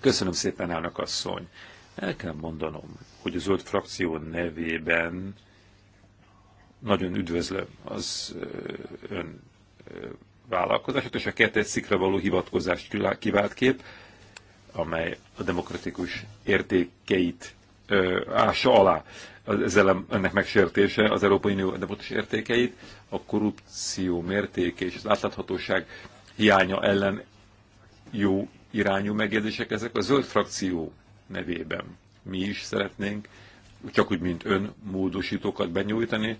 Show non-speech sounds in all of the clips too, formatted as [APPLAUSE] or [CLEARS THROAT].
Köszönöm szépen, elnök asszony. El kell mondanom, hogy a zöld frakció nevében nagyon üdvözlöm az ön vállalkozását, és a kettes szikra való hivatkozást kivált kép, amely a demokratikus értékeit ássa alá ezzel ennek megsértése az Európai Unió demokratikus értékeit, a korrupció mértéke és az átláthatóság hiánya ellen jó irányú megjegyzések ezek a zöld frakció nevében. Mi is szeretnénk, csak úgy, mint ön, módosítókat benyújtani.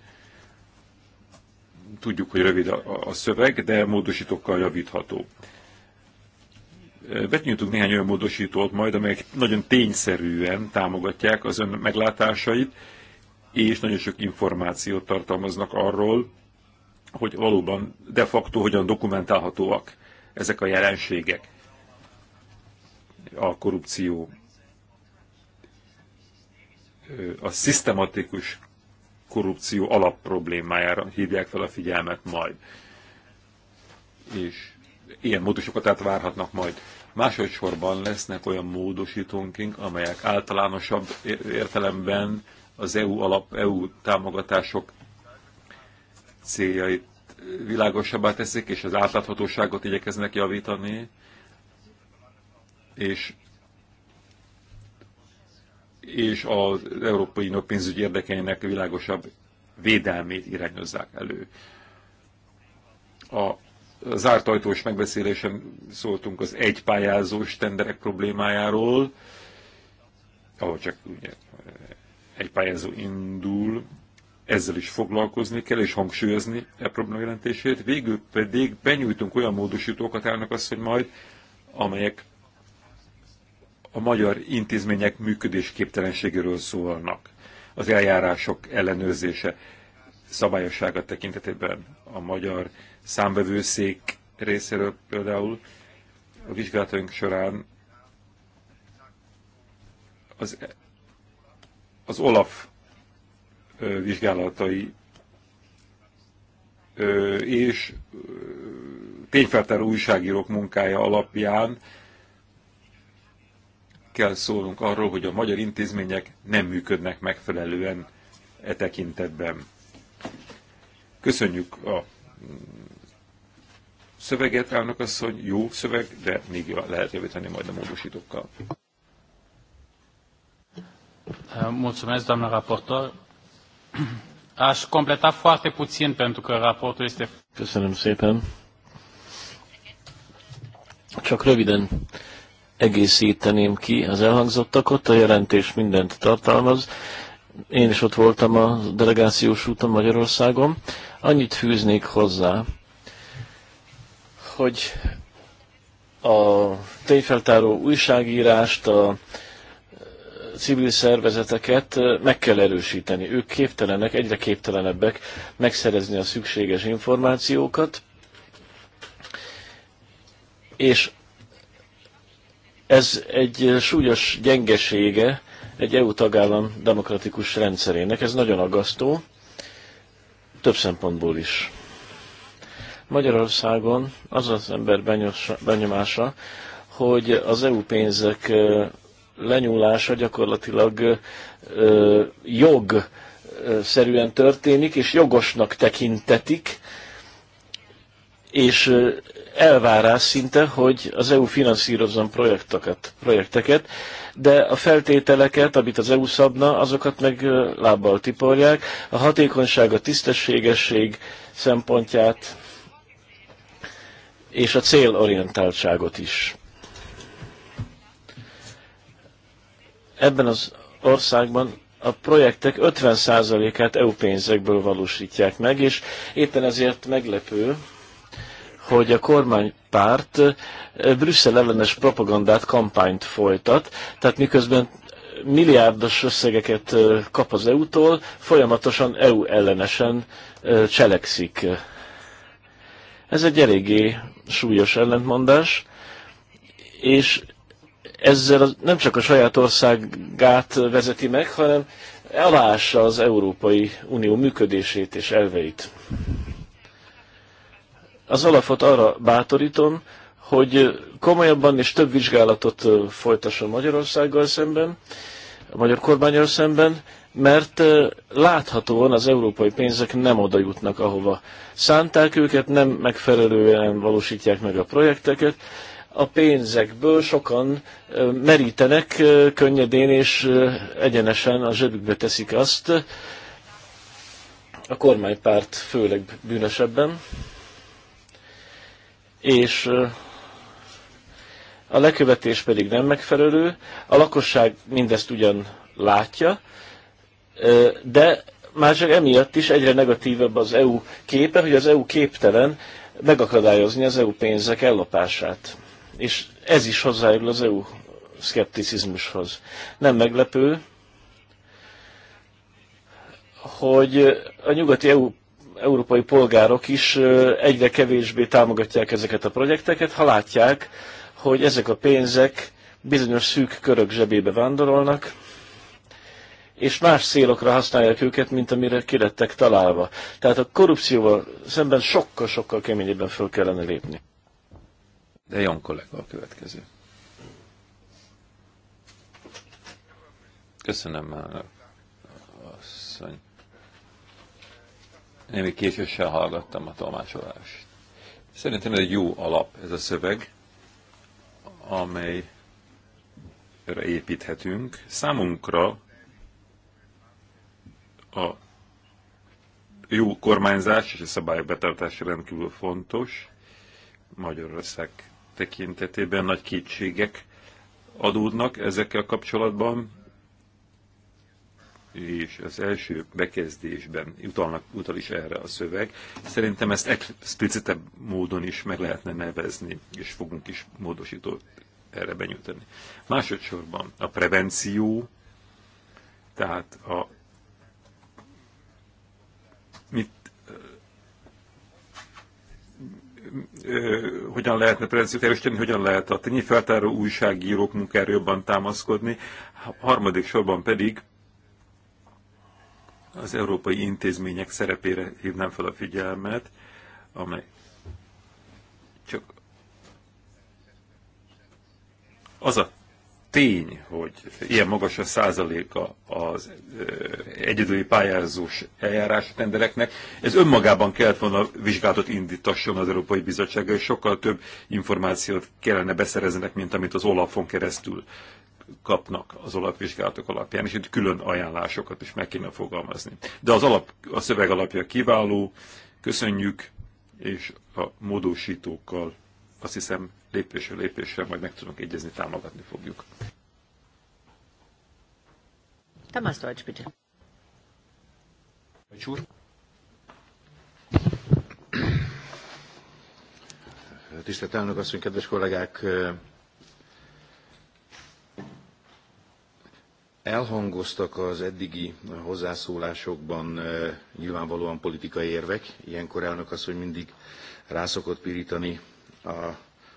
Tudjuk, hogy rövid a, a szöveg, de módosítókkal javítható. Betnyújtunk néhány olyan módosítót majd, amelyek nagyon tényszerűen támogatják az ön meglátásait, és nagyon sok információt tartalmaznak arról, hogy valóban de facto hogyan dokumentálhatóak ezek a jelenségek a korrupció, a szisztematikus korrupció alapproblémájára hívják fel a figyelmet majd. És ilyen módosokat át várhatnak majd. Másodszorban lesznek olyan módosítónkink, amelyek általánosabb értelemben az EU alap, EU támogatások céljait világosabbá teszik, és az átláthatóságot igyekeznek javítani, és és az európai unió pénzügyi érdekeinek világosabb védelmét irányozzák elő. A zárt ajtós megbeszélésen szóltunk az egypályázós tenderek problémájáról, ahol csak ugye egy pályázó indul, ezzel is foglalkozni kell, és hangsúlyozni e probléma jelentését. Végül pedig benyújtunk olyan módosítókat, elnök azt, hogy majd, amelyek a magyar intézmények működésképtelenségéről szólnak, az eljárások ellenőrzése szabályossága tekintetében a magyar számbevőszék részéről például a vizsgálatunk során az, e- az Olaf vizsgálatai és tényfeltáró újságírók munkája alapján kell szólnunk arról, hogy a magyar intézmények nem működnek megfelelően e tekintetben. Köszönjük a szöveget, elnök asszony, jó szöveg, de még lehet javítani majd a módosítókkal. Eh, mulțumesc, doamna raportor. [CLEARS THROAT] Aș completa foarte puțin pentru că raportul este... Köszönöm szépen. Csak röviden egészíteném ki az elhangzottakat, a jelentés mindent tartalmaz. Én is ott voltam a delegációs úton Magyarországon. Annyit fűznék hozzá, hogy a tényfeltáró újságírást, a civil szervezeteket meg kell erősíteni. Ők képtelenek, egyre képtelenebbek megszerezni a szükséges információkat, és ez egy eh, súlyos gyengesége egy EU tagállam demokratikus rendszerének. Ez nagyon aggasztó, több szempontból is. Magyarországon az az ember benyomása, hogy az EU pénzek eh, lenyúlása gyakorlatilag eh, jog szerűen történik, és jogosnak tekintetik, és elvárás szinte, hogy az EU finanszírozzon projekteket, projekteket, de a feltételeket, amit az EU szabna, azokat meg lábbal tiporják. A hatékonyság, a tisztességesség szempontját és a célorientáltságot is. Ebben az országban a projektek 50%-át EU pénzekből valósítják meg, és éppen ezért meglepő, hogy a kormánypárt eh, Brüsszel ellenes propagandát, kampányt folytat, tehát miközben milliárdos összegeket eh, kap az EU-tól, folyamatosan EU ellenesen eh, cselekszik. Ez egy eléggé súlyos ellentmondás, és ezzel nem csak a saját országát vezeti meg, hanem elássa az Európai Unió működését és elveit az alapot arra bátorítom, hogy komolyabban és több vizsgálatot folytasson Magyarországgal szemben, a magyar kormányjal szemben, mert láthatóan az európai pénzek nem oda jutnak, ahova szánták őket, nem megfelelően valósítják meg a projekteket. A pénzekből sokan merítenek könnyedén és egyenesen a zsebükbe teszik azt, a kormánypárt főleg bűnösebben, és a lekövetés pedig nem megfelelő. A lakosság mindezt ugyan látja, de már csak emiatt is egyre negatívebb az EU képe, hogy az EU képtelen megakadályozni az EU pénzek ellopását. És ez is hozzájárul az EU szkepticizmushoz. Nem meglepő, hogy a nyugati EU európai polgárok is egyre kevésbé támogatják ezeket a projekteket, ha látják, hogy ezek a pénzek bizonyos szűk körök zsebébe vándorolnak, és más célokra használják őket, mint amire kirettek találva. Tehát a korrupcióval szemben sokkal-sokkal keményebben föl kellene lépni. De Jan kollega a következő. Köszönöm, elnök némi késéssel hallgattam a tolmácsolást. Szerintem ez egy jó alap ez a szöveg, amelyre építhetünk. Számunkra a jó kormányzás és a szabályok betartása rendkívül fontos. Magyarország tekintetében nagy kétségek adódnak ezekkel kapcsolatban és az első bekezdésben utalnak, utal is erre a szöveg. Szerintem ezt explicitebb módon is meg lehetne nevezni, és fogunk is módosító erre benyújtani. Másodszorban a prevenció, tehát a mit ö, hogyan lehetne prevenciót erősíteni, hogyan lehet a feltáró újságírók munkára jobban támaszkodni. Harmadik sorban pedig az európai intézmények szerepére hívnám fel a figyelmet, amely csak az a tény, hogy ilyen magas a százaléka az egyedüli pályázós eljárás tendereknek, ez önmagában kellett volna vizsgálatot indítasson az Európai Bizottsággal, és sokkal több információt kellene beszereznek, mint amit az Olafon keresztül kapnak az alapvizsgálatok alapján, és itt külön ajánlásokat is meg kéne fogalmazni. De az alap, a szöveg alapja kiváló, köszönjük, és a módosítókkal azt hiszem lépésről lépésre majd meg tudunk egyezni, támogatni fogjuk. Tamás Deutsch, bitte. Deutsch Tisztelt elnök asszony, kedves kollégák! Elhangoztak az eddigi hozzászólásokban nyilvánvalóan politikai érvek. Ilyenkor elnök az, hogy mindig rászokott pirítani a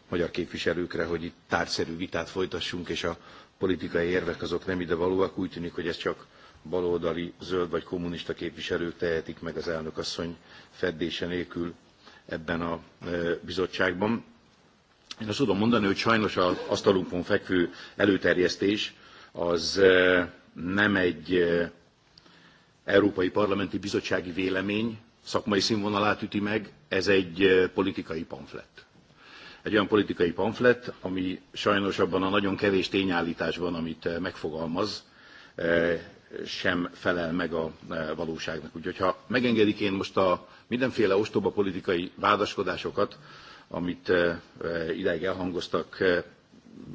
magyar képviselőkre, hogy itt tárgyszerű vitát folytassunk, és a politikai érvek azok nem ide valóak. Úgy tűnik, hogy ez csak baloldali, zöld vagy kommunista képviselők tehetik meg az elnök asszony feddése nélkül ebben a bizottságban. Én azt tudom mondani, hogy sajnos az asztalunkon fekvő előterjesztés az nem egy Európai Parlamenti Bizottsági Vélemény szakmai színvonalát üti meg, ez egy politikai pamflet. Egy olyan politikai pamflet, ami sajnos abban a nagyon kevés tényállításban, amit megfogalmaz, sem felel meg a valóságnak. Úgyhogy ha megengedik, én most a mindenféle ostoba politikai vádaskodásokat, amit ideig elhangoztak,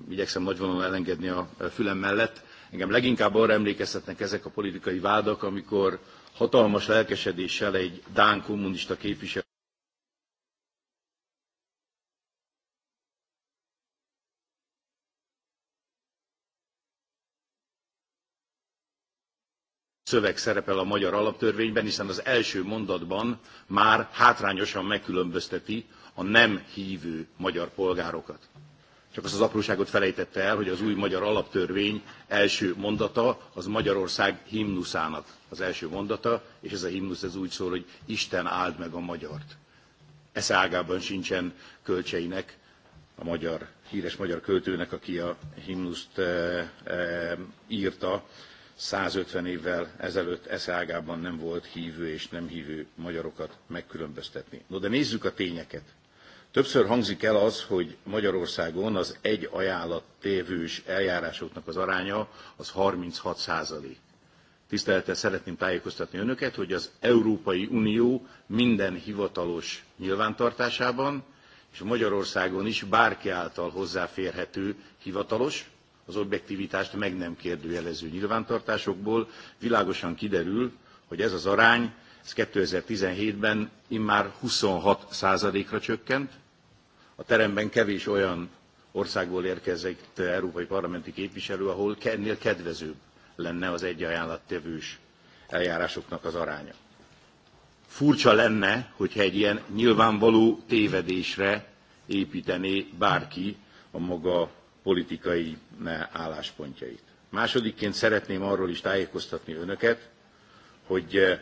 igyekszem nagyvonalon elengedni a fülem mellett. Engem leginkább arra emlékeztetnek ezek a politikai vádak, amikor hatalmas lelkesedéssel egy Dán kommunista képviselő szöveg szerepel a magyar alaptörvényben, hiszen az első mondatban már hátrányosan megkülönbözteti a nem hívő magyar polgárokat. Csak azt az apróságot felejtette el, hogy az új magyar alaptörvény első mondata az Magyarország himnuszának az első mondata, és ez a himnusz ez úgy szól, hogy Isten áld meg a magyart. Esze ágában sincsen kölcseinek, a magyar, híres magyar költőnek, aki a himnuszt e, e, írta, 150 évvel ezelőtt ágában nem volt hívő és nem hívő magyarokat megkülönböztetni. No de nézzük a tényeket. Többször hangzik el az, hogy Magyarországon az egy ajánlat tévős eljárásoknak az aránya az 36 százalék. Tisztelettel szeretném tájékoztatni önöket, hogy az Európai Unió minden hivatalos nyilvántartásában, és Magyarországon is bárki által hozzáférhető hivatalos, az objektivitást meg nem kérdőjelező nyilvántartásokból világosan kiderül, hogy ez az arány ez 2017-ben immár 26 százalékra csökkent. A teremben kevés olyan országból érkezett európai parlamenti képviselő, ahol ennél kedvezőbb lenne az egy ajánlattevős eljárásoknak az aránya. Furcsa lenne, hogyha egy ilyen nyilvánvaló tévedésre építené bárki a maga politikai álláspontjait. Másodikként szeretném arról is tájékoztatni önöket, hogy eh,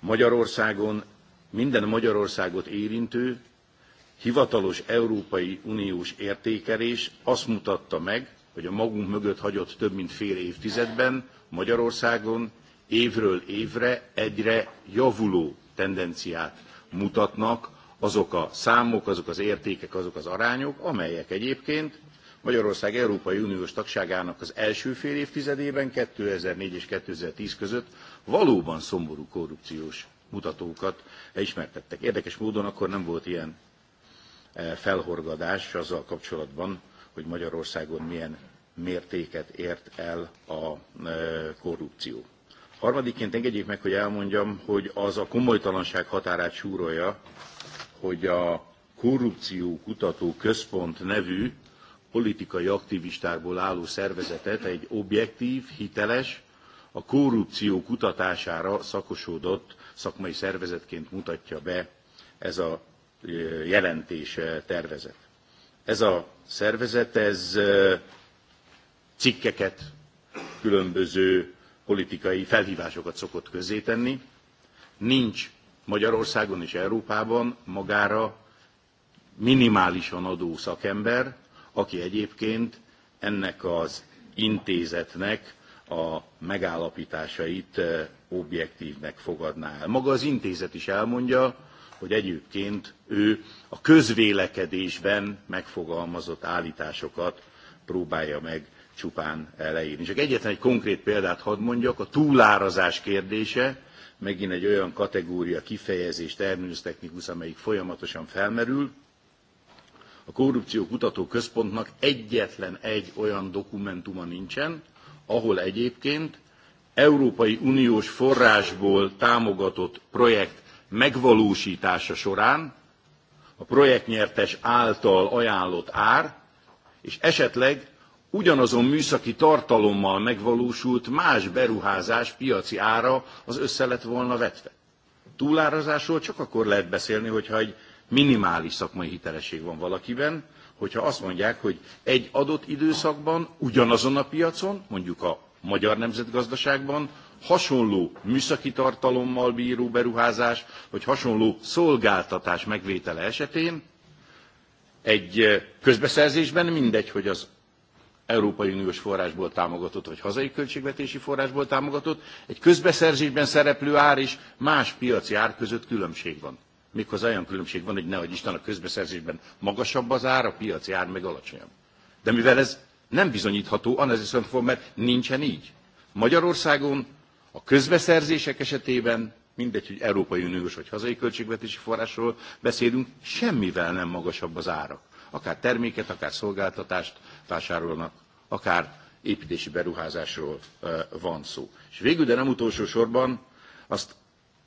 Magyarországon minden Magyarországot érintő hivatalos Európai Uniós értékelés azt mutatta meg, hogy a magunk mögött hagyott több mint fél évtizedben Magyarországon évről évre egyre javuló tendenciát mutatnak azok a számok, azok az értékek, azok az arányok, amelyek egyébként Magyarország Európai Uniós tagságának az első fél évtizedében 2004 és 2010 között valóban szomorú korrupciós mutatókat ismertettek. Érdekes módon akkor nem volt ilyen e, felhorgadás azzal kapcsolatban, hogy Magyarországon milyen mértéket ért el a e, korrupció. Harmadiként engedjék meg, hogy elmondjam, hogy az a komolytalanság határát súrolja, hogy a Korrupció Kutató Központ nevű politikai aktivistákból álló szervezetet egy objektív, hiteles, a korrupció kutatására szakosodott szakmai szervezetként mutatja be ez a jelentés tervezet. Ez a szervezet, ez cikkeket, különböző politikai felhívásokat szokott közzétenni. Nincs Magyarországon és Európában magára minimálisan adó szakember, aki egyébként ennek az intézetnek a megállapításait eh, objektívnek fogadná el. Maga az intézet is elmondja, hogy egyébként ő a közvélekedésben megfogalmazott állításokat próbálja meg csupán leírni. Csak egyetlen egy konkrét példát hadd mondjak, a túlárazás kérdése, megint egy olyan kategória, kifejezés, terminus technikus, amelyik folyamatosan felmerül a Korrupció Kutató Központnak egyetlen egy olyan dokumentuma nincsen, ahol egyébként Európai Uniós forrásból támogatott projekt megvalósítása során a projektnyertes által ajánlott ár, és esetleg ugyanazon műszaki tartalommal megvalósult más beruházás piaci ára az össze lett volna vetve. Túlárazásról csak akkor lehet beszélni, hogyha egy minimális szakmai hitelesség van valakiben, hogyha azt mondják, hogy egy adott időszakban ugyanazon a piacon, mondjuk a magyar nemzetgazdaságban, hasonló műszaki tartalommal bíró beruházás, vagy hasonló szolgáltatás megvétele esetén egy eh, közbeszerzésben mindegy, hogy az Európai Uniós forrásból támogatott, vagy hazai költségvetési forrásból támogatott, egy közbeszerzésben szereplő ár és más piaci ár között különbség van méghozzá olyan különbség van, hogy nehogy Isten a közbeszerzésben magasabb az ár, a piac jár meg alacsonyabb. De mivel ez nem bizonyítható, aneziszen fog, mert nincsen így. Magyarországon a közbeszerzések esetében, mindegy, hogy Európai Uniós vagy hazai költségvetési forrásról beszélünk, semmivel nem magasabb az ára. Akár terméket, akár szolgáltatást vásárolnak, akár építési beruházásról van szó. És végül, de nem utolsó sorban, azt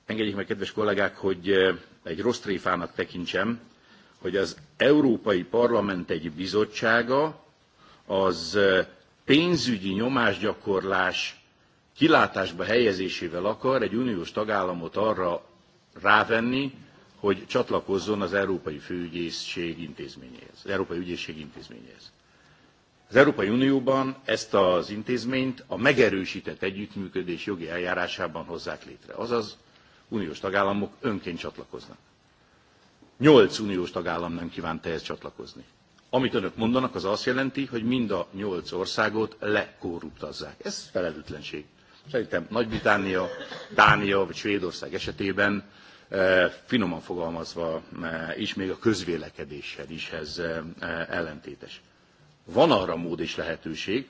engedjék meg, kedves kollégák, hogy egy rossz tréfának tekintsem, hogy az Európai Parlament egy bizottsága az pénzügyi nyomásgyakorlás kilátásba helyezésével akar egy uniós tagállamot arra rávenni, hogy csatlakozzon az Európai Főügyészség intézményéhez, az Európai Ügyészség intézményéhez. Az Európai Unióban ezt az intézményt a megerősített együttműködés jogi eljárásában hozzák létre. Azaz uniós tagállamok önként csatlakoznak. Nyolc uniós tagállam nem kívánt ehhez csatlakozni. Amit önök mondanak, az azt jelenti, hogy mind a nyolc országot lekorruptazzák. Ez felelőtlenség. Szerintem Nagy-Britannia, Dánia vagy Svédország esetében eh, finoman fogalmazva eh, is még a közvélekedéssel is ez eh, ellentétes. Van arra mód és lehetőség,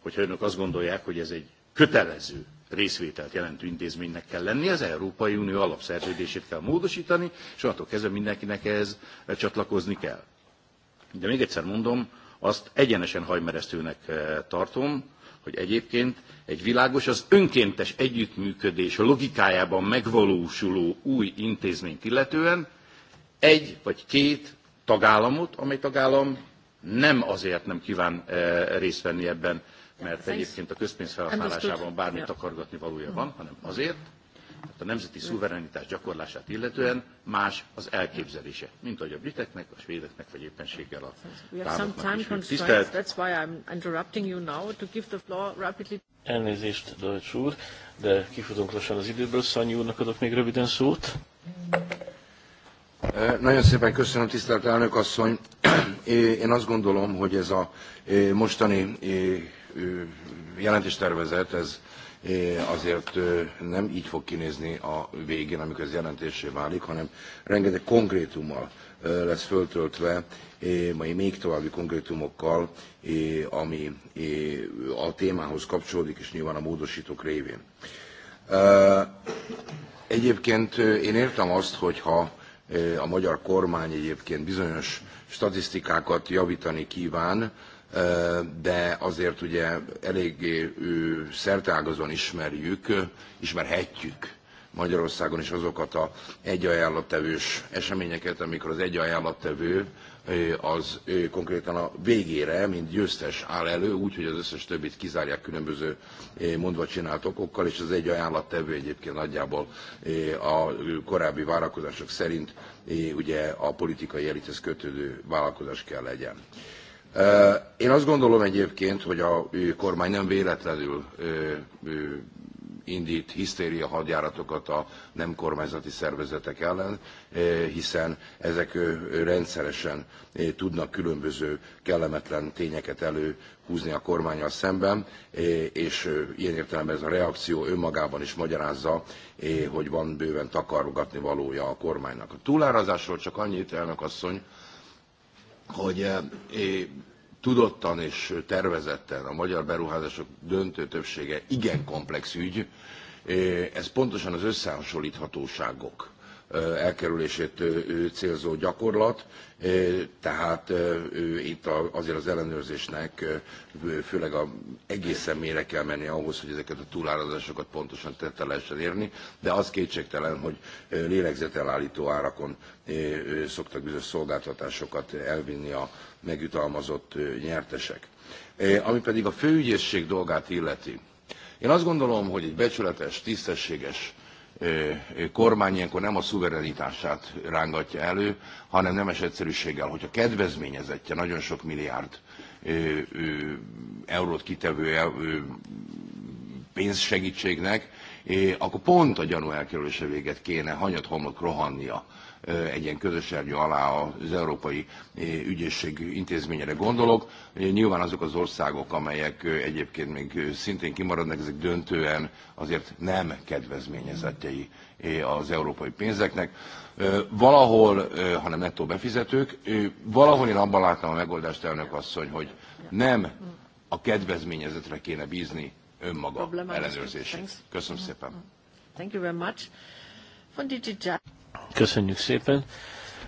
hogyha önök azt gondolják, hogy ez egy kötelező részvételt jelentő intézménynek kell lenni, az Európai Unió alapszerződését kell módosítani, és attól kezdve mindenkinek ehhez csatlakozni kell. De még egyszer mondom, azt egyenesen hajmeresztőnek eh, tartom, hogy egyébként egy világos, az önkéntes együttműködés logikájában megvalósuló új intézményt illetően egy vagy két tagállamot, amely tagállam nem azért nem kíván eh, részt venni ebben mert egyébként a közpénz felhasználásában bármit akargatni valója mm. van, hanem azért, mert a nemzeti mm. szuverenitás gyakorlását illetően más az elképzelése, mint ahogy a briteknek, a svédeknek, vagy éppenséggel a dánoknak is. Tisztelt! Elnézést, Deutsch úr, de kifutunk lassan az időből. Szanyi úrnak adok még röviden szót. Eh, nagyon szépen köszönöm, tisztelt elnök asszony. [CLEARS THROAT] Én azt gondolom, hogy ez a eh, mostani eh, jelentéstervezet, ez azért nem így fog kinézni a végén, amikor ez jelentésé válik, hanem rengeteg konkrétummal lesz föltöltve, majd még további konkrétumokkal, ami a témához kapcsolódik, és nyilván a módosítók révén. Egyébként én értem azt, hogyha a magyar kormány egyébként bizonyos statisztikákat javítani kíván, de azért ugye eléggé szerteágazon ismerjük, ismerhetjük Magyarországon is azokat a egyajánlattevős eseményeket, amikor az egyajánlattevő az konkrétan a végére, mint győztes áll elő, úgyhogy az összes többit kizárják különböző mondva csinált okokkal, és az egy ajánlattevő egyébként nagyjából a korábbi várakozások szerint ugye a politikai elithez kötődő vállalkozás kell legyen. Én azt gondolom egyébként, hogy a kormány nem véletlenül indít hisztériahadjáratokat a nem kormányzati szervezetek ellen, hiszen ezek rendszeresen tudnak különböző kellemetlen tényeket előhúzni a kormányal szemben, és ilyen értelemben ez a reakció önmagában is magyarázza, hogy van bőven takarogatni valója a kormánynak. A túlárazásról csak annyit, elnök asszony, hogy eh, tudottan és tervezetten a magyar beruházások döntő többsége igen komplex ügy, ez pontosan az összehasonlthatóságok elkerülését célzó gyakorlat, tehát itt azért az ellenőrzésnek főleg a egészen mélyre kell menni ahhoz, hogy ezeket a túlárazásokat pontosan tette lehessen érni, de az kétségtelen, hogy lélegzetelállító árakon szoktak bizonyos szolgáltatásokat elvinni a megjutalmazott nyertesek. Ami pedig a főügyészség dolgát illeti, én azt gondolom, hogy egy becsületes, tisztességes kormány ilyenkor nem a szuverenitását rángatja elő, hanem nemes egyszerűséggel, hogyha kedvezményezettje nagyon sok milliárd eurót kitevő pénzsegítségnek, akkor pont a gyanú elkerülése véget kéne hanyat homlok rohannia egy ilyen közös ernyő alá az Európai Ügyészség intézményére gondolok. Nyilván azok az országok, amelyek egyébként még szintén kimaradnak, ezek döntően azért nem kedvezményezettjei az európai pénzeknek. Valahol, hanem nettó befizetők, valahol én abban láttam a megoldást, elnök asszony, hogy nem a kedvezményezetre kéne bízni önmaga ellenőrzését. Köszönöm mm-hmm. szépen. Mm-hmm. Köszönjük szépen.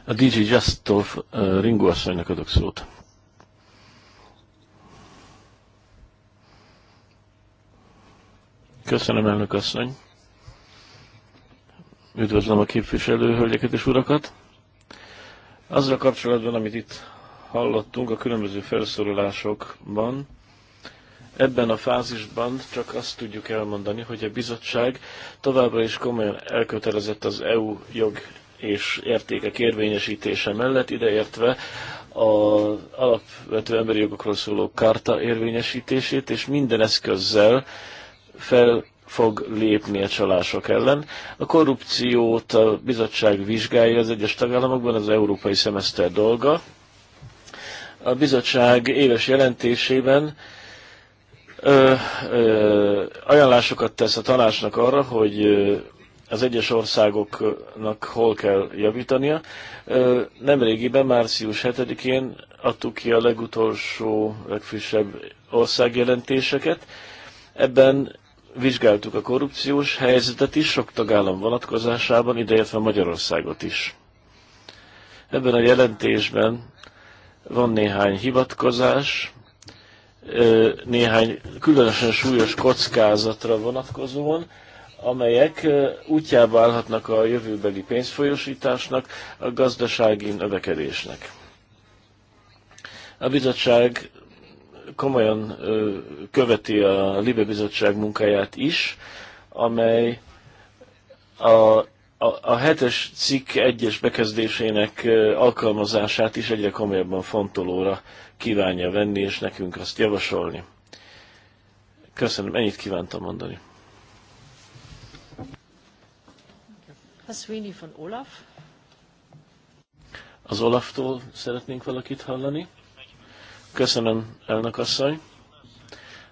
A DJ Justov uh, Ringo asszonynak adok szót. Köszönöm, elnök asszony. Üdvözlöm a képviselő hölgyeket és urakat. Azzal kapcsolatban, amit itt hallottunk a különböző felszólalásokban, Ebben a fázisban csak azt tudjuk elmondani, hogy a bizottság továbbra is komolyan elkötelezett az EU jog és értékek érvényesítése mellett, ideértve az alapvető emberi jogokról szóló karta érvényesítését, és minden eszközzel fel fog lépni a csalások ellen. A korrupciót a bizottság vizsgálja az egyes tagállamokban, az európai szemeszter dolga. A bizottság éves jelentésében ajánlásokat tesz a tanácsnak arra, hogy az egyes országoknak hol kell javítania. Nemrégiben, március 7-én adtuk ki a legutolsó, legfrissebb országjelentéseket. Ebben vizsgáltuk a korrupciós helyzetet is, sok tagállam vonatkozásában, ideértve Magyarországot is. Ebben a jelentésben van néhány hivatkozás néhány különösen súlyos kockázatra vonatkozóan, amelyek útjába állhatnak a jövőbeli pénzfolyósításnak, a gazdasági növekedésnek. A bizottság komolyan követi a Libe Bizottság munkáját is, amely a, a, a hetes cikk egyes bekezdésének alkalmazását is egyre komolyabban fontolóra kívánja venni, és nekünk azt javasolni. Köszönöm, ennyit kívántam mondani. von Olaf. Az Olaftól szeretnénk valakit hallani. Köszönöm, elnök asszony.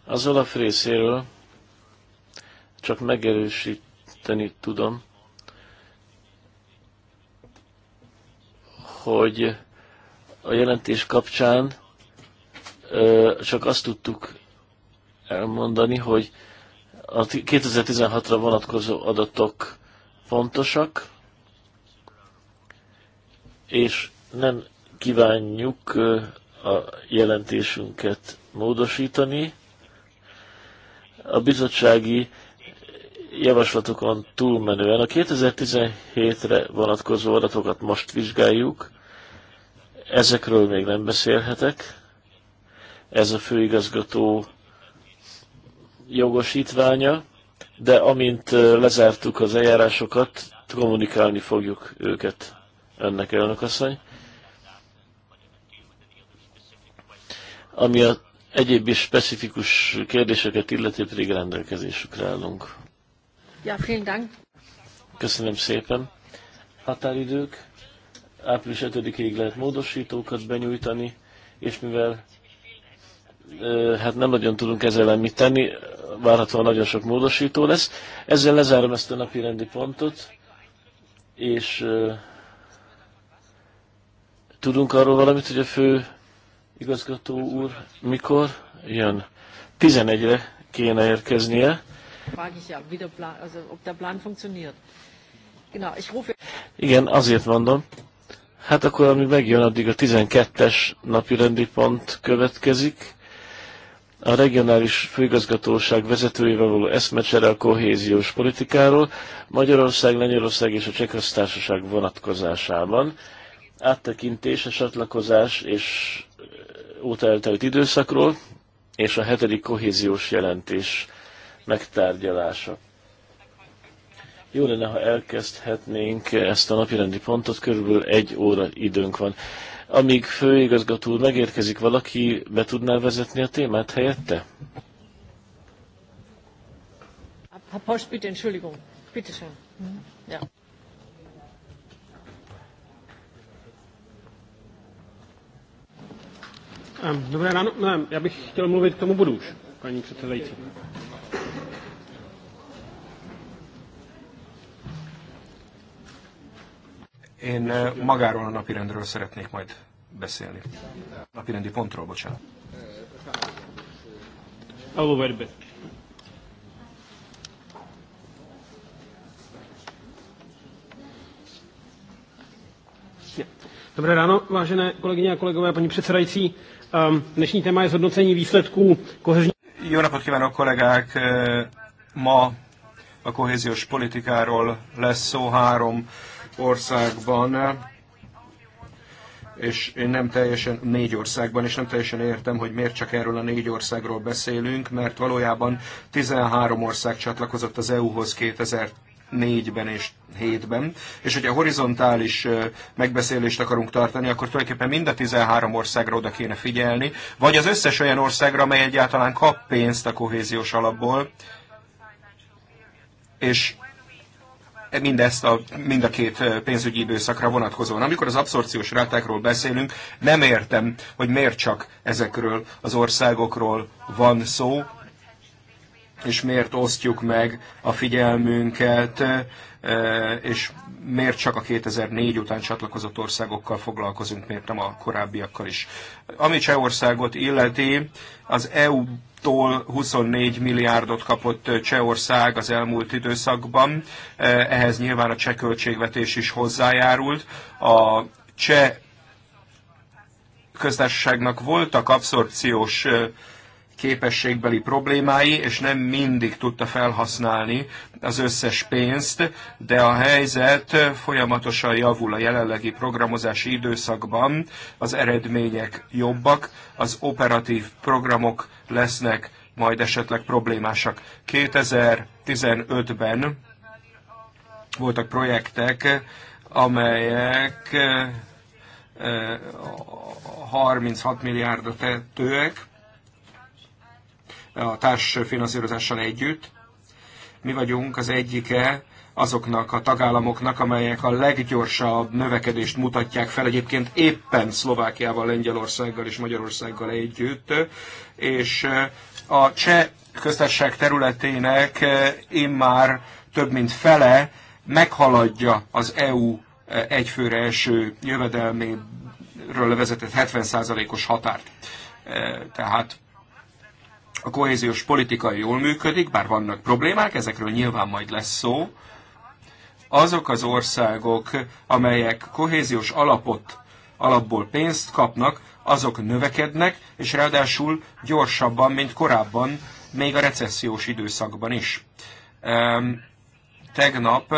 Az Olaf részéről csak megerősíteni tudom, hogy a jelentés kapcsán csak azt tudtuk elmondani, hogy a 2016-ra vonatkozó adatok fontosak, és nem kívánjuk a jelentésünket módosítani. A bizottsági javaslatokon túlmenően a 2017-re vonatkozó adatokat most vizsgáljuk, ezekről még nem beszélhetek, ez a főigazgató jogosítványa, de amint lezártuk az eljárásokat, kommunikálni fogjuk őket önnek, elnökasszony. Ami a egyéb is specifikus kérdéseket illeti, pedig rendelkezésükre állunk. Ja, vielen Dank. Köszönöm szépen. Határidők. Április 5-ig lehet módosítókat benyújtani, és mivel hát nem nagyon tudunk ezzel ellen mit tenni, várhatóan nagyon sok módosító lesz. Ezzel lezárom ezt a napi rendi pontot, és tudunk arról valamit, hogy a fő igazgató úr mikor jön? 11-re kéne érkeznie. Igen, azért mondom. Hát akkor, ami megjön, addig a 12-es napi rendi pont következik a regionális főigazgatóság vezetőjével való eszmecsere a kohéziós politikáról Magyarország, Lengyelország és a Cseh vonatkozásában. Áttekintés a csatlakozás és óta eltelt időszakról, és a hetedik kohéziós jelentés megtárgyalása. Jó lenne, ha elkezdhetnénk ezt a napirendi pontot, körülbelül egy óra időnk van amíg főigazgató úr megérkezik valaki, be tudná vezetni a témát helyette? Ehm, dobré ráno, ne, já bych chtěl mluvit k tomu bodu už, paní předsedající. Én eh, magáról a napirendről szeretnék majd beszélni. Napirendi pontról, bocsánat. Alóverbe. Dobré ráno, vážené kolegyně a kolegové, paní předsedající. Ehm, dnešní téma je zhodnocení výsledků kohezní... Jó napot kívánok, kollégák! Eh, ma a kohéziós politikáról lesz szó három országban, és én nem teljesen négy országban, és nem teljesen értem, hogy miért csak erről a négy országról beszélünk, mert valójában 13 ország csatlakozott az EU-hoz 2000 négyben és hétben, és hogyha horizontális megbeszélést akarunk tartani, akkor tulajdonképpen mind a 13 országra oda kéne figyelni, vagy az összes olyan országra, amely egyáltalán kap pénzt a kohéziós alapból, és mindezt a, mind a két pénzügyi időszakra vonatkozóan. Amikor az abszorciós rátákról beszélünk, nem értem, hogy miért csak ezekről az országokról van szó, és miért osztjuk meg a figyelmünket, és miért csak a 2004 után csatlakozott országokkal foglalkozunk, miért nem a korábbiakkal is. Ami Csehországot illeti, az EU tól 24 milliárdot kapott Csehország az elmúlt időszakban. Ehhez nyilván a cseh költségvetés is hozzájárult. A cseh köztársaságnak voltak abszorpciós képességbeli problémái, és nem mindig tudta felhasználni az összes pénzt, de a helyzet folyamatosan javul a jelenlegi programozási időszakban, az eredmények jobbak, az operatív programok lesznek majd esetleg problémásak. 2015-ben voltak projektek, amelyek 36 eh, eh, milliárdot tettőek a társfinanszírozással együtt. Mi vagyunk az egyike azoknak a tagállamoknak, amelyek a leggyorsabb növekedést mutatják fel egyébként éppen Szlovákiával, Lengyelországgal és Magyarországgal együtt, és eh, a cseh köztesség területének immár eh, több mint fele meghaladja az EU eh, egyfőre első jövedelméről vezetett 70%-os határt. Tehát a kohéziós politika jól működik, bár vannak problémák, ezekről nyilván majd lesz szó, azok az országok, amelyek kohéziós alapot, alapból pénzt kapnak, azok növekednek, és ráadásul gyorsabban, mint korábban, még a recessziós időszakban is. Tegnap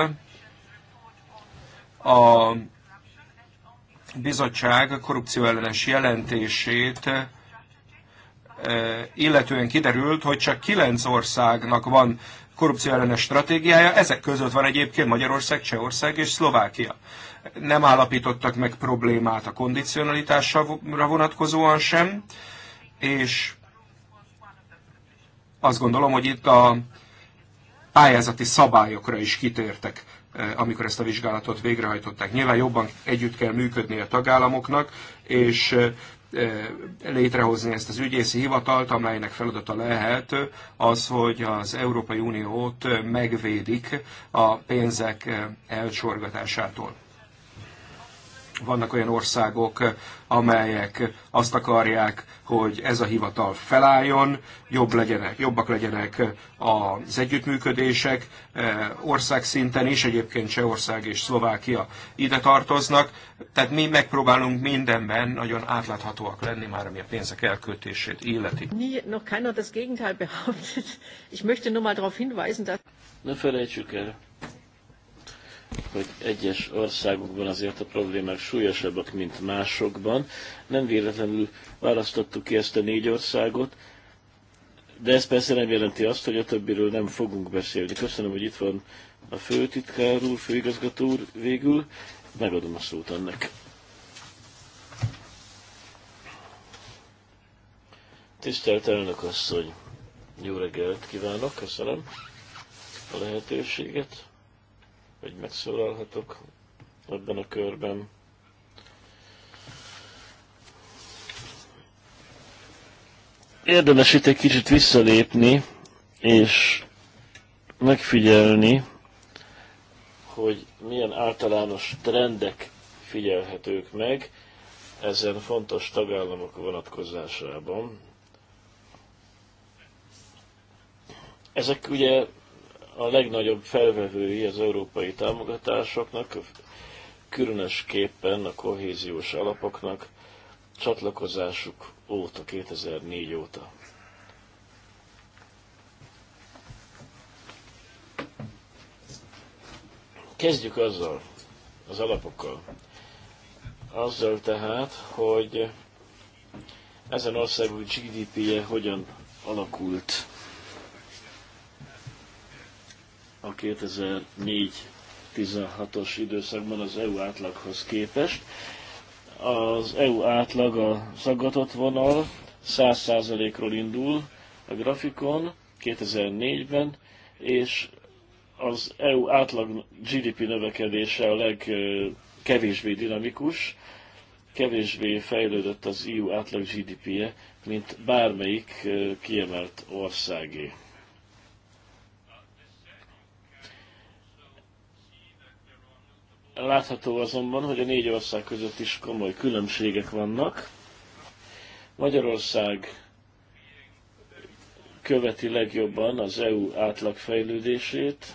a bizottság korrupcióellenes jelentését eh, illetően kiderült, hogy csak kilenc országnak van korrupció ellenes stratégiája. Ezek között van egyébként Magyarország, Csehország és Szlovákia. Nem állapítottak meg problémát a kondicionalitásra vonatkozóan sem, és azt gondolom, hogy itt a pályázati szabályokra is kitértek eh, amikor ezt a vizsgálatot végrehajtották. Nyilván jobban együtt kell működni a tagállamoknak, és eh, Eh, létrehozni ezt az ügyészi hivatalt, amelynek feladata lehet az, hogy az Európai Uniót megvédik a pénzek eh, elsorgatásától vannak olyan országok, amelyek azt akarják, hogy ez a hivatal felálljon, jobb legyenek, jobbak legyenek az együttműködések, eh, országszinten is, egyébként Csehország és Szlovákia ide tartoznak, tehát mi megpróbálunk mindenben nagyon átláthatóak lenni már, ami a pénzek elköltését illeti. Ne felejtsük el, hogy egyes országokban azért a problémák súlyosabbak, mint másokban. Nem véletlenül választottuk ki ezt a négy országot, de ez persze nem jelenti azt, hogy a többiről nem fogunk beszélni. Köszönöm, hogy itt van a főtitkár úr, főigazgató úr végül. Megadom a szót ennek. Tisztelt elnök asszony, jó reggelt kívánok, köszönöm a lehetőséget hogy megszólalhatok ebben a körben. Érdemes itt egy kicsit visszalépni, és megfigyelni, hogy milyen általános trendek figyelhetők meg ezen fontos tagállamok vonatkozásában. Ezek ugye a legnagyobb felvevői az európai támogatásoknak, különösképpen a kohéziós alapoknak csatlakozásuk óta, 2004 óta. Kezdjük azzal, az alapokkal. Azzal tehát, hogy ezen országok GDP-je hogyan alakult a 2004-16-os időszakban az EU átlaghoz képest. Az EU átlag a szaggatott vonal 100%-ról indul a grafikon 2004-ben, és az EU átlag GDP növekedése a legkevésbé dinamikus, kevésbé fejlődött az EU átlag GDP-je, mint bármelyik kiemelt országé. Látható azonban, hogy a négy ország között is komoly különbségek vannak. Magyarország követi legjobban az EU átlagfejlődését,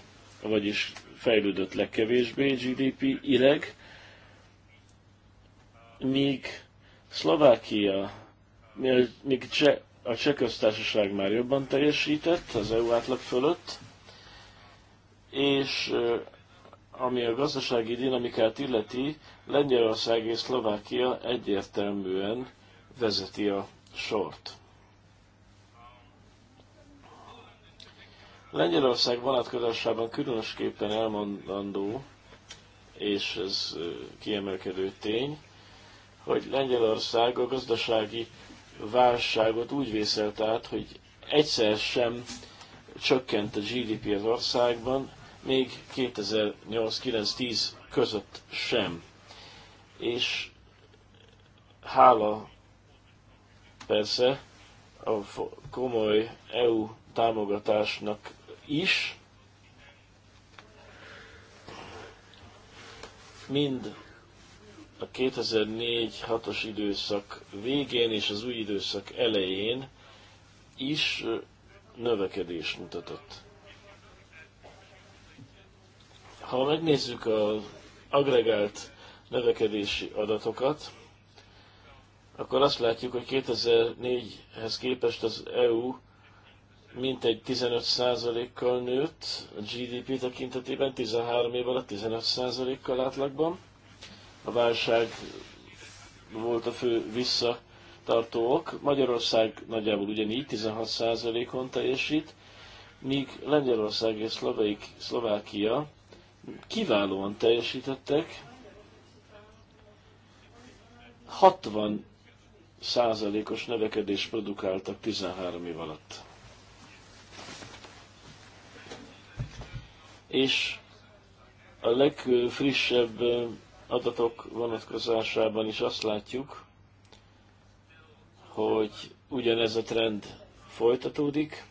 vagyis fejlődött legkevésbé GDP ileg míg Szlovákia, míg a cseh köztársaság már jobban teljesített az EU átlag fölött, és ami a gazdasági dinamikát illeti, Lengyelország és Szlovákia egyértelműen vezeti a sort. Lengyelország vonatkozásában különösképpen elmondandó, és ez kiemelkedő tény, hogy Lengyelország a gazdasági válságot úgy vészelt át, hogy egyszer sem csökkent a GDP az országban, még 2008-9-10 között sem. És hála persze a komoly EU támogatásnak is, mind a 2004-6-os időszak végén és az új időszak elején is növekedés mutatott. Ha megnézzük az agregált növekedési adatokat, akkor azt látjuk, hogy 2004-hez képest az EU mintegy 15%-kal nőtt a GDP tekintetében, 13 év alatt 15%-kal átlagban. A válság volt a fő visszatartó ok. Magyarország nagyjából ugyanígy 16%-on teljesít, míg Lengyelország és Szlovákia kiválóan teljesítettek. 60 százalékos növekedés produkáltak 13 év alatt. És a legfrissebb adatok vonatkozásában is azt látjuk, hogy ugyanez a trend folytatódik.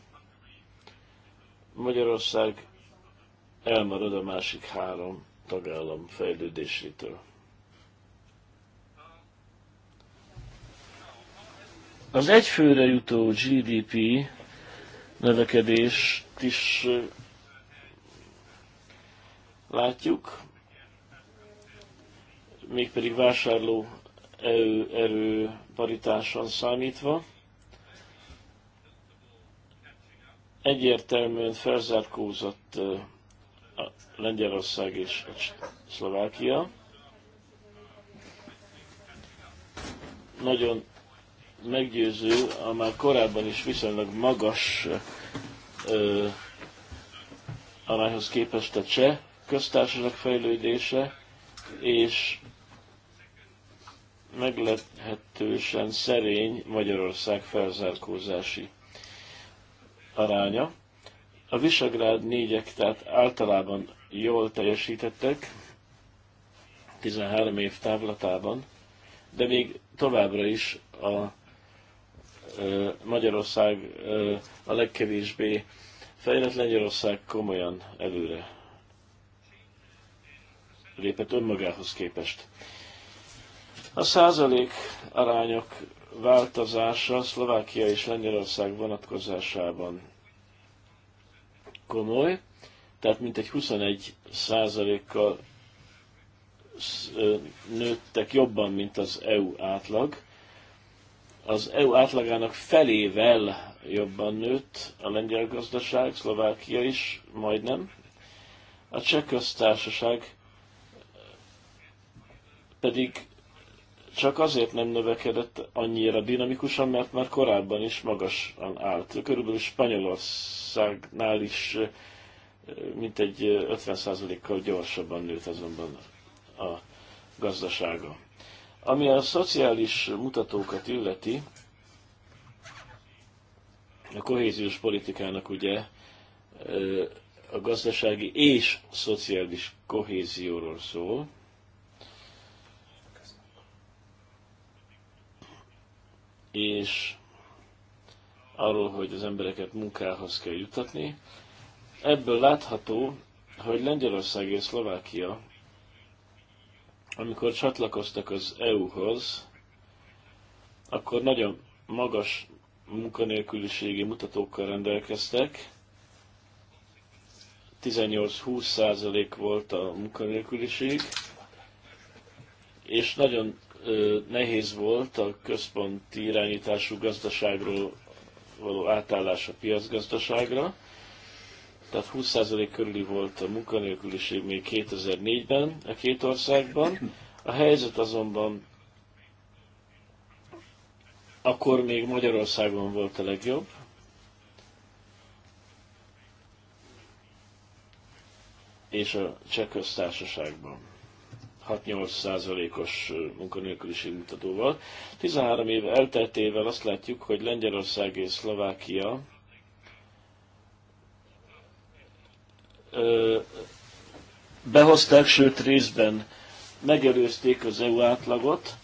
Magyarország elmarad a másik három tagállam fejlődésétől. Az egyfőre jutó GDP növekedést is látjuk, mégpedig vásárló erő, erő paritáson számítva. Egyértelműen felzárkózott a Lengyelország és a Szlovákia. Nagyon meggyőző a már korábban is viszonylag magas ö, arányhoz képest a cseh köztársaság fejlődése, és meglehetősen szerény Magyarország felzárkózási aránya. A Visegrád négyek tehát általában jól teljesítettek, 13 év távlatában, de még továbbra is a Magyarország a legkevésbé fejlett Lengyelország komolyan előre lépett önmagához képest. A százalék arányok változása Szlovákia és Lengyelország vonatkozásában komoly, tehát mintegy 21 százalékkal nőttek jobban, mint az EU átlag. Az EU átlagának felével jobban nőtt a lengyel gazdaság, Szlovákia is majdnem. A cseh köztársaság pedig csak azért nem növekedett annyira dinamikusan, mert már korábban is magasan állt. Körülbelül Spanyolországnál is mintegy 50%-kal gyorsabban nőtt azonban a gazdasága. Ami a szociális mutatókat illeti, a kohéziós politikának ugye a gazdasági és szociális kohézióról szól, és arról, hogy az embereket munkához kell jutatni. Ebből látható, hogy Lengyelország és Szlovákia, amikor csatlakoztak az EU-hoz, akkor nagyon magas munkanélküliségi mutatókkal rendelkeztek. 18-20 százalék volt a munkanélküliség, és nagyon nehéz volt a központi irányítású gazdaságról való átállás a piacgazdaságra. Tehát 20% körüli volt a munkanélküliség még 2004-ben a két országban. A helyzet azonban akkor még Magyarországon volt a legjobb. És a cseh köztársaságban. 6-8%-os munkanélküliség mutatóval. 13 év elteltével azt látjuk, hogy Lengyelország és Szlovákia behozták, sőt részben megelőzték az EU átlagot,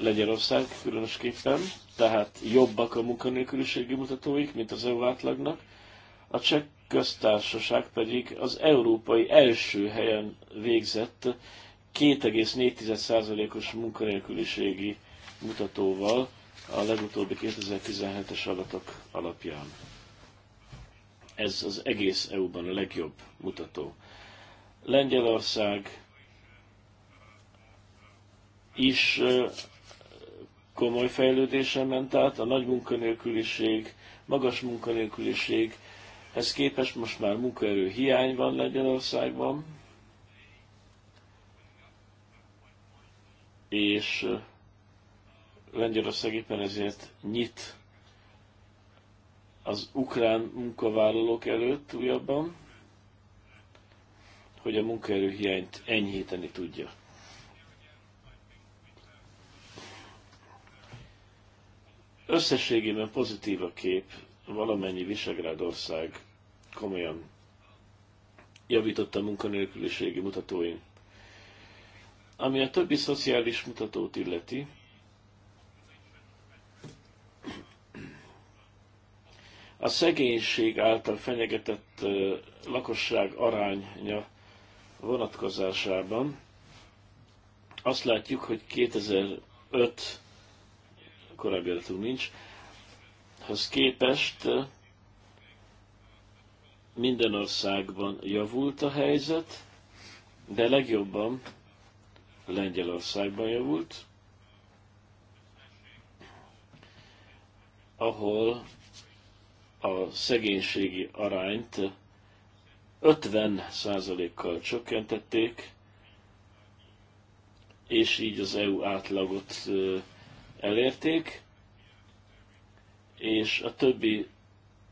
Lengyelország különösképpen, tehát jobbak a munkanélküliségi mutatóik, mint az EU átlagnak. A csekk köztársaság pedig az európai első helyen végzett 2,4%-os munkanélküliségi mutatóval a legutóbbi 2017-es adatok alapján. Ez az egész EU-ban a legjobb mutató. Lengyelország is komoly fejlődésen ment át, a nagy munkanélküliség, magas munkanélküliség ez képest most már munkaerő hiány van Lengyelországban, és Lengyelország éppen ezért nyit az ukrán munkavállalók előtt újabban, hogy a munkaerő hiányt enyhíteni tudja. Összességében pozitív a kép valamennyi Visegrád ország komolyan javította a munkanélküliségi mutatóin. Ami a többi szociális mutatót illeti, a szegénység által fenyegetett lakosság aránya vonatkozásában azt látjuk, hogy 2005 korábbi adatunk nincs, hez képest eh, minden országban javult a helyzet, de legjobban Lengyelországban javult, ahol a szegénységi arányt 50%-kal csökkentették, és így az EU átlagot eh, elérték és a többi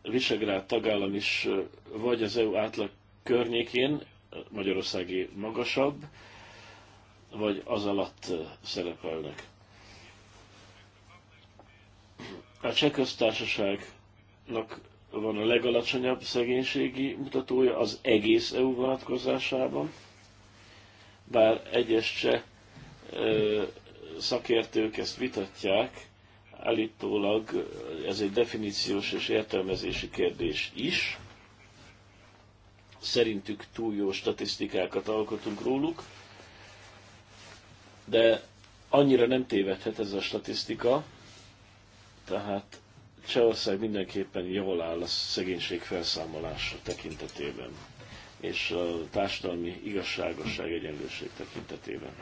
Visegrád tagállam is vagy az EU átlag környékén, Magyarországi magasabb, vagy az alatt szerepelnek. A cseh köztársaságnak van a legalacsonyabb szegénységi mutatója az egész EU vonatkozásában, bár egyes cseh szakértők ezt vitatják, állítólag ez egy definíciós és értelmezési kérdés is. Szerintük túl jó statisztikákat alkotunk róluk, de annyira nem tévedhet ez a statisztika, tehát Csehország mindenképpen jól áll a szegénység felszámolása tekintetében, és a társadalmi igazságosság egyenlőség tekintetében.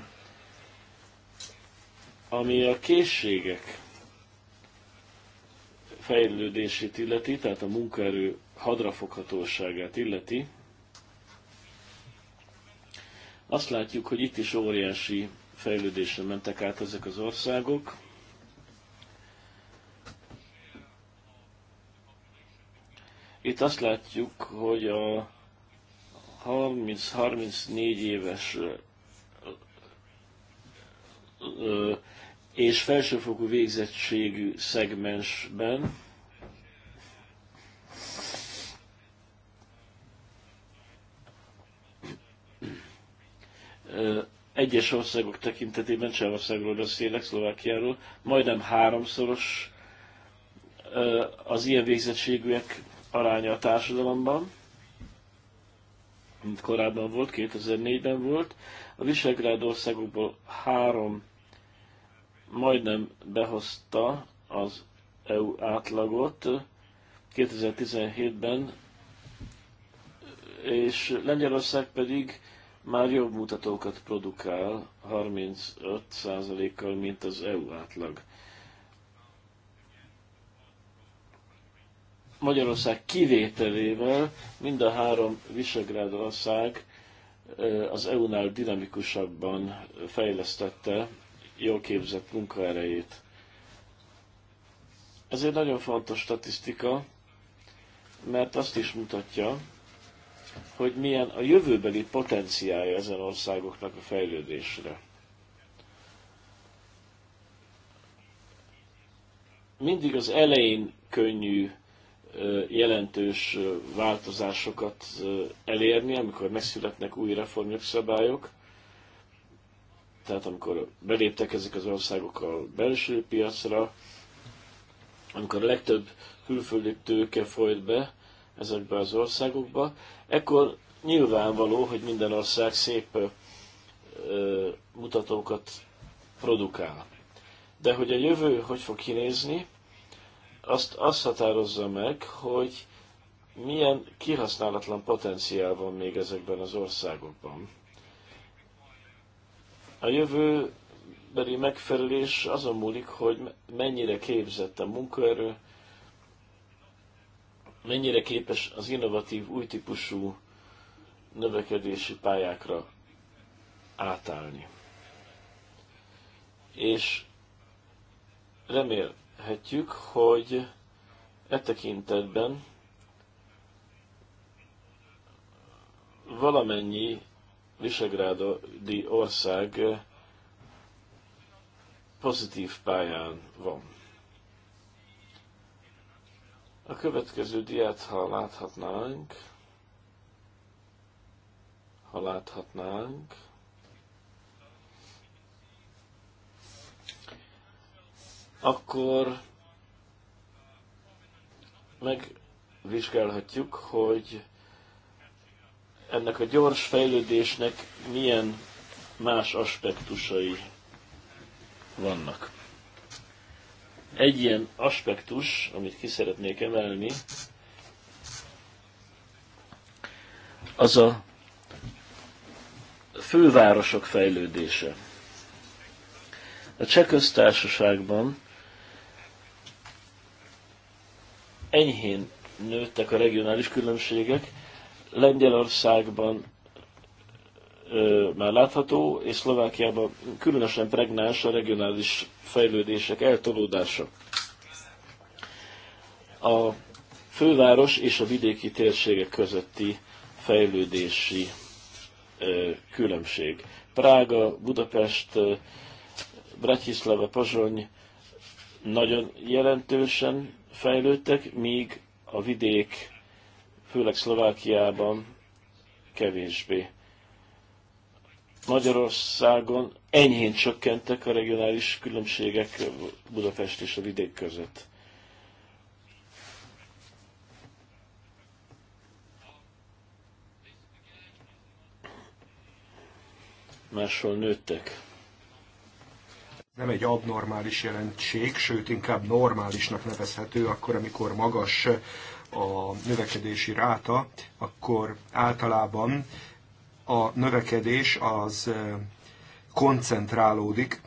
Ami a készségek fejlődését illeti, tehát a munkaerő hadrafoghatóságát illeti, azt látjuk, hogy itt is óriási fejlődésre mentek át ezek az országok. Itt azt látjuk, hogy a 30-34 éves és felsőfokú végzettségű szegmensben, egyes országok tekintetében, Csehországról beszélek, Szlovákiáról, majdnem háromszoros az ilyen végzettségűek aránya a társadalomban, mint korábban volt, 2004-ben volt. A Visegrád országokból három majdnem behozta az EU átlagot 2017-ben, és Lengyelország pedig már jobb mutatókat produkál 35%-kal, mint az EU átlag. Magyarország kivételével mind a három Visegrád ország az EU-nál dinamikusabban fejlesztette jól képzett munkaerejét. Ez egy nagyon fontos statisztika, mert azt is mutatja, hogy milyen a jövőbeli potenciálja ezen országoknak a fejlődésre. Mindig az elején könnyű jelentős változásokat elérni, amikor megszületnek új reformjogszabályok, tehát amikor beléptek ezek az országok a belső piacra, amikor a legtöbb külföldi tőke folyt be ezekbe az országokba, ekkor nyilvánvaló, hogy minden ország szép ö, mutatókat produkál. De hogy a jövő hogy fog kinézni, azt, azt határozza meg, hogy milyen kihasználatlan potenciál van még ezekben az országokban. A jövőbeli megfelelés azon múlik, hogy mennyire képzett a munkaerő, mennyire képes az innovatív, új típusú növekedési pályákra átállni. És remélhetjük, hogy e tekintetben valamennyi visegrádi ország eh, pozitív pályán van. A következő diát, ha láthatnánk, ha láthatnánk, akkor megvizsgálhatjuk, hogy ennek a gyors fejlődésnek milyen más aspektusai vannak. Egy ilyen aspektus, amit ki szeretnék emelni, az a fővárosok fejlődése. A cseh köztársaságban enyhén nőttek a regionális különbségek, Lengyelországban ö, már látható, és Szlovákiában különösen pregnáns a regionális fejlődések eltolódása. A főváros és a vidéki térségek közötti fejlődési ö, különbség. Prága, Budapest, Bratislava, Pozsony nagyon jelentősen fejlődtek, míg a vidék főleg Szlovákiában kevésbé. Magyarországon enyhén csökkentek a regionális különbségek Budapest és a vidék között. Máshol nőttek. Nem egy abnormális jelentség, sőt inkább normálisnak nevezhető akkor, amikor magas a növekedési ráta, akkor általában a növekedés az koncentrálódik.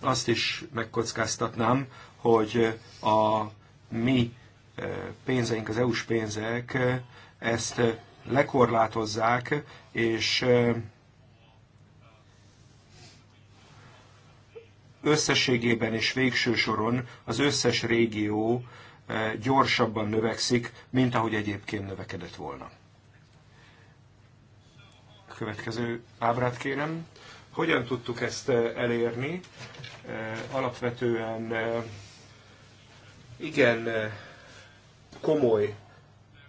Azt is megkockáztatnám, hogy a mi pénzeink, az EU-s pénzek ezt lekorlátozzák, és összességében és végső soron az összes régió gyorsabban növekszik, mint ahogy egyébként növekedett volna. Következő ábrát kérem. Hogyan tudtuk ezt elérni? Alapvetően igen komoly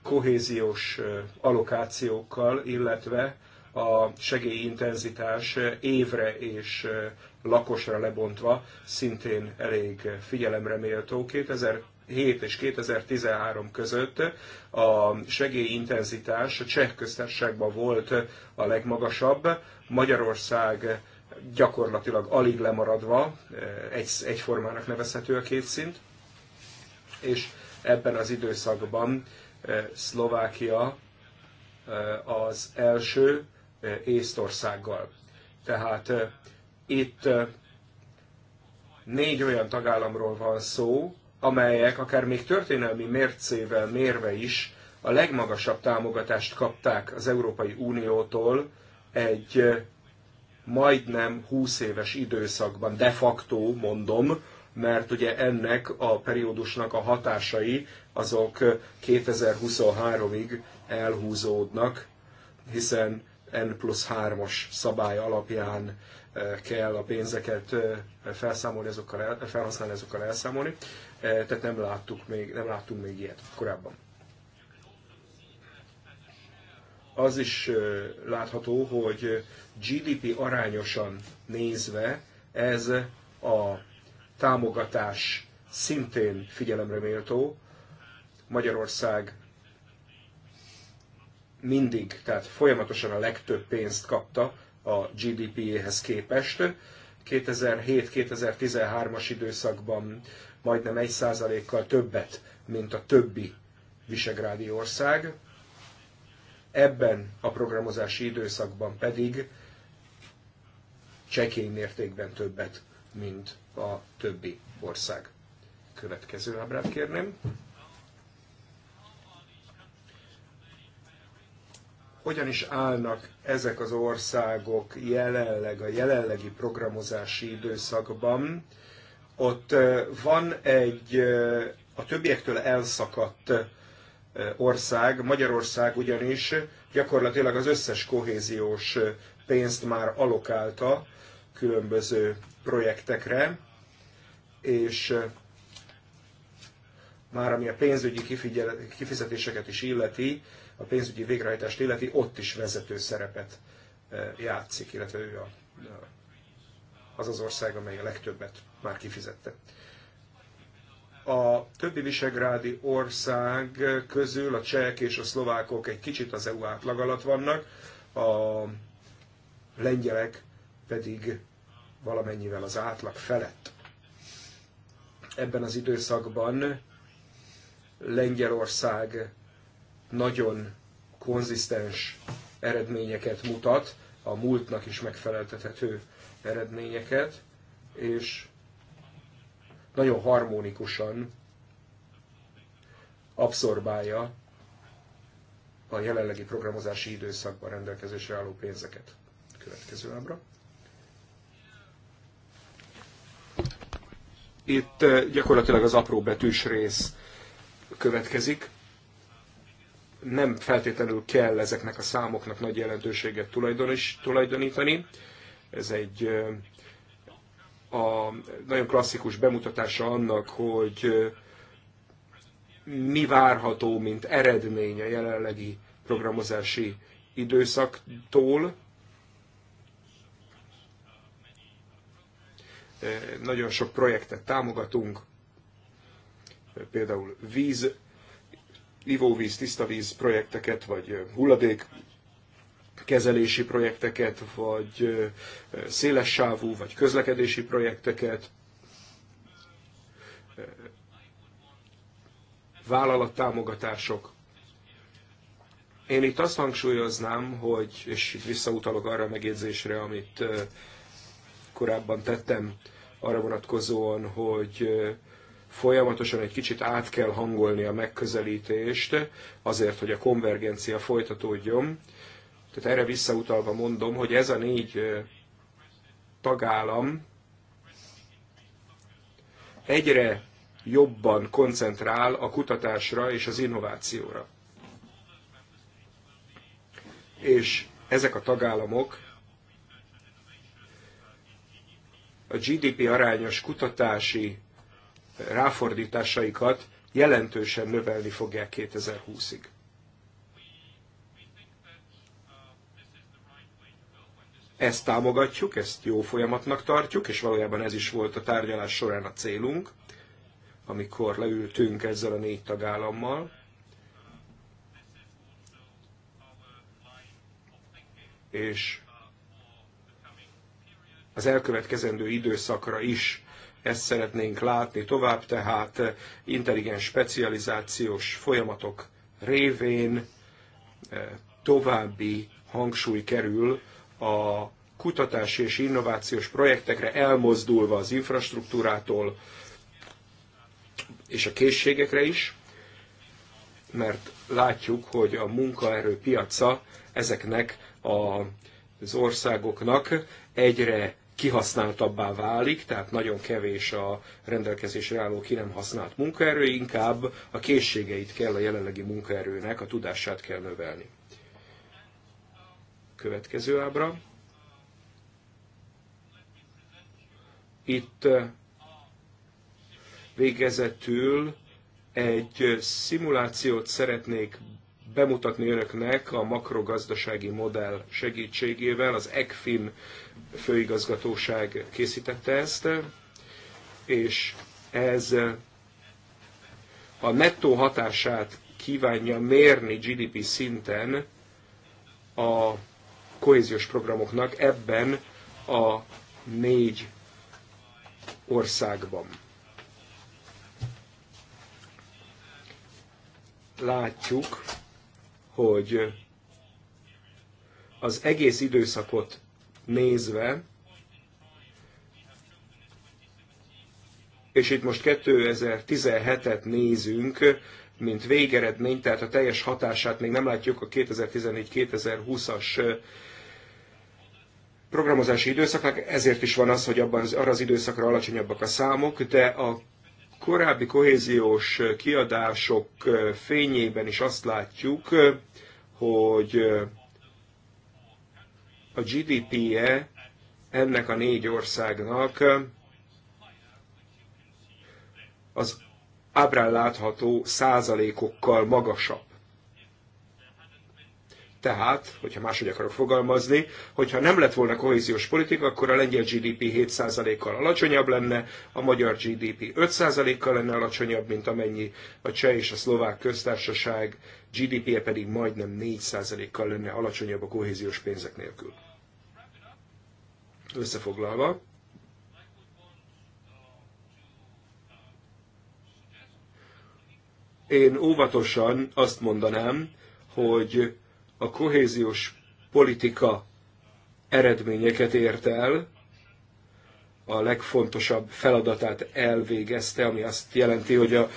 kohéziós alokációkkal, illetve a segélyintenzitás évre és lakosra lebontva szintén elég figyelemre méltó. 2000 2007 és 2013 között a segélyintenzitás a cseh köztársaságban volt a legmagasabb, Magyarország gyakorlatilag alig lemaradva, egy, egyformának nevezhető a két szint, és ebben az időszakban eh, Szlovákia eh, az első eh, Észtországgal. Tehát itt négy olyan tagállamról van szó, amelyek akár még történelmi mércével mérve is a legmagasabb támogatást kapták az Európai Uniótól egy majdnem 20 éves időszakban, de facto mondom, mert ugye ennek a periódusnak a hatásai azok 2023-ig elhúzódnak, hiszen N plusz 3-as szabály alapján kell a pénzeket felszámolni, azokkal el, felhasználni, azokkal elszámolni. Eh, tehát nem, láttuk még, nem láttunk még ilyet korábban. Az is eh, látható, hogy GDP arányosan nézve ez a támogatás szintén figyelemre méltó. Magyarország mindig, tehát folyamatosan a legtöbb pénzt kapta a GDP-éhez képest. 2007-2013-as időszakban majdnem 1%-kal többet, mint a többi visegrádi ország. Ebben a programozási időszakban pedig csekély mértékben többet, mint a többi ország. Következő ábrát kérném. hogyan is állnak ezek az országok jelenleg a jelenlegi programozási időszakban ott van egy a többiektől elszakadt ország, Magyarország ugyanis gyakorlatilag az összes kohéziós pénzt már alokálta különböző projektekre, és már ami a pénzügyi kifizetéseket is illeti, a pénzügyi végrehajtást illeti, ott is vezető szerepet játszik, illetve ő a az az ország, amely a legtöbbet már kifizette. A többi visegrádi ország közül a csehek és a szlovákok egy kicsit az EU átlag alatt vannak, a lengyelek pedig valamennyivel az átlag felett. Ebben az időszakban Lengyelország nagyon konzisztens eredményeket mutat, a múltnak is megfeleltethető eredményeket, és nagyon harmonikusan abszorbálja a jelenlegi programozási időszakban rendelkezésre álló pénzeket. Következő ábra. Itt eh, gyakorlatilag az apró betűs rész következik. Nem feltétlenül kell ezeknek a számoknak nagy jelentőséget tulajdonítani, ez egy a nagyon klasszikus bemutatása annak, hogy mi várható, mint eredmény a jelenlegi programozási időszaktól. Nagyon sok projektet támogatunk, például víz, ivóvíz, tiszta víz projekteket, vagy hulladék kezelési projekteket, vagy széles sávú, vagy közlekedési projekteket, vállalattámogatások. Én itt azt hangsúlyoznám, hogy, és itt visszautalok arra a megjegyzésre, amit korábban tettem, arra vonatkozóan, hogy folyamatosan egy kicsit át kell hangolni a megközelítést, azért, hogy a konvergencia folytatódjon. Tehát erre visszautalva mondom, hogy ez a négy tagállam egyre jobban koncentrál a kutatásra és az innovációra. És ezek a tagállamok a GDP arányos kutatási ráfordításaikat jelentősen növelni fogják 2020-ig. Ezt támogatjuk, ezt jó folyamatnak tartjuk, és valójában ez is volt a tárgyalás során a célunk, amikor leültünk ezzel a négy tagállammal. És az elkövetkezendő időszakra is ezt szeretnénk látni tovább, tehát intelligens specializációs folyamatok révén eh, további hangsúly kerül a kutatási és innovációs projektekre elmozdulva az infrastruktúrától és a készségekre is, mert látjuk, hogy a munkaerő piaca ezeknek a, az országoknak egyre kihasználtabbá válik, tehát nagyon kevés a rendelkezésre álló ki nem használt munkaerő, inkább a készségeit kell a jelenlegi munkaerőnek, a tudását kell növelni. Következő ábra. Itt eh, végezetül egy szimulációt szeretnék bemutatni önöknek a makrogazdasági modell segítségével. Az ECFIN főigazgatóság készítette ezt, és ez eh, a nettó hatását kívánja mérni GDP szinten a kohéziós programoknak ebben a négy országban. Látjuk, hogy az egész időszakot nézve, és itt most 2017-et nézünk, mint végeredmény, tehát a teljes hatását még nem látjuk a 2014-2020-as programozási időszaknak, ezért is van az, hogy abban az, arra az időszakra alacsonyabbak a számok, de a korábbi kohéziós kiadások fényében is azt látjuk, hogy a gdp e ennek a négy országnak az ábrán látható százalékokkal magasabb. Tehát, hogyha máshogy akarok fogalmazni, hogyha nem lett volna kohéziós politika, akkor a lengyel GDP 7%-kal alacsonyabb lenne, a magyar GDP 5%-kal lenne alacsonyabb, mint amennyi a cseh és a szlovák köztársaság GDP-je pedig majdnem 4%-kal lenne alacsonyabb a kohéziós pénzek nélkül. Összefoglalva, Én óvatosan azt mondanám, hogy a kohéziós politika eredményeket ért el, a legfontosabb feladatát elvégezte, ami azt jelenti, hogy a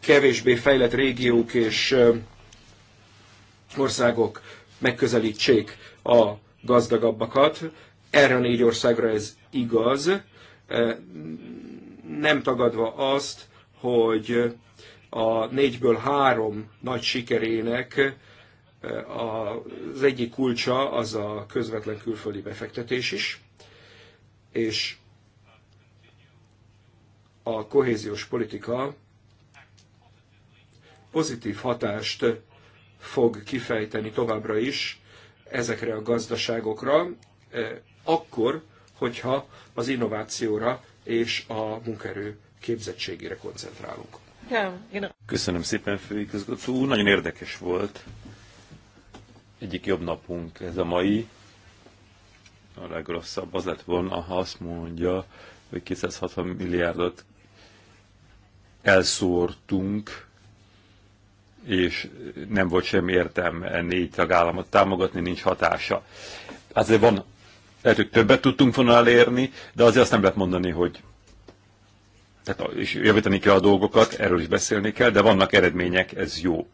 kevésbé fejlett régiók és országok megközelítsék a gazdagabbakat. Erre a négy országra ez igaz, nem tagadva azt, hogy a négyből három nagy sikerének eh, az egyik kulcsa az a közvetlen külföldi befektetés is, és a kohéziós politika pozitív hatást fog kifejteni továbbra is ezekre a gazdaságokra, eh, akkor, hogyha az innovációra és a munkaerő képzettségére koncentrálunk. Köszönöm szépen, főigazgató úr. Nagyon érdekes volt. Egyik jobb napunk ez a mai. A legrosszabb az lett volna, ha azt mondja, hogy 260 milliárdot elszórtunk, és nem volt sem értelme négy tagállamot támogatni, nincs hatása. Azért van, lehet, hogy többet tudtunk volna elérni, de azért azt nem lehet mondani, hogy tehát és javítani kell a dolgokat, erről is beszélni kell, de vannak eredmények, ez jó.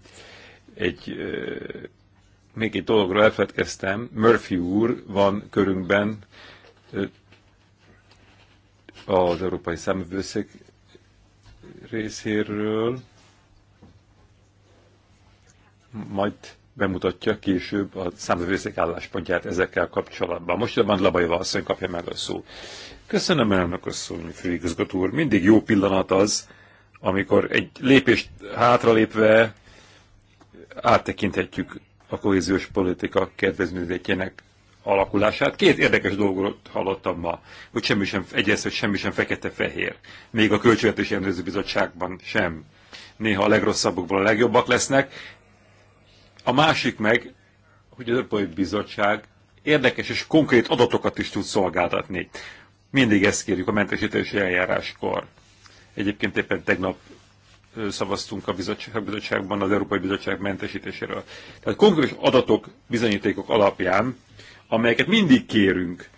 Egy, még egy dologról elfeledkeztem, Murphy úr van körünkben az Európai Számvevőszék részéről, majd bemutatja később a számvevőszék álláspontját ezekkel kapcsolatban. Most abban Labajva asszony kapja meg a szó. Köszönöm, elnök asszony, főigazgató úr. Mindig jó pillanat az, amikor egy lépést hátralépve áttekinthetjük a kohéziós politika kedvezményzetjének alakulását. Két érdekes dolgot hallottam ma, hogy semmi sem, egyrészt, hogy semmi sem fekete-fehér. Még a Költségvetési Ellenőrző Bizottságban sem. Néha a legrosszabbokból a legjobbak lesznek, a másik meg, hogy az Európai Bizottság érdekes és konkrét adatokat is tud szolgáltatni. Mindig ezt kérjük a mentesítési eljáráskor. Egyébként éppen tegnap szavaztunk a bizottság, bizottságban az Európai Bizottság mentesítéséről. Tehát konkrét adatok, bizonyítékok alapján, amelyeket mindig kérünk,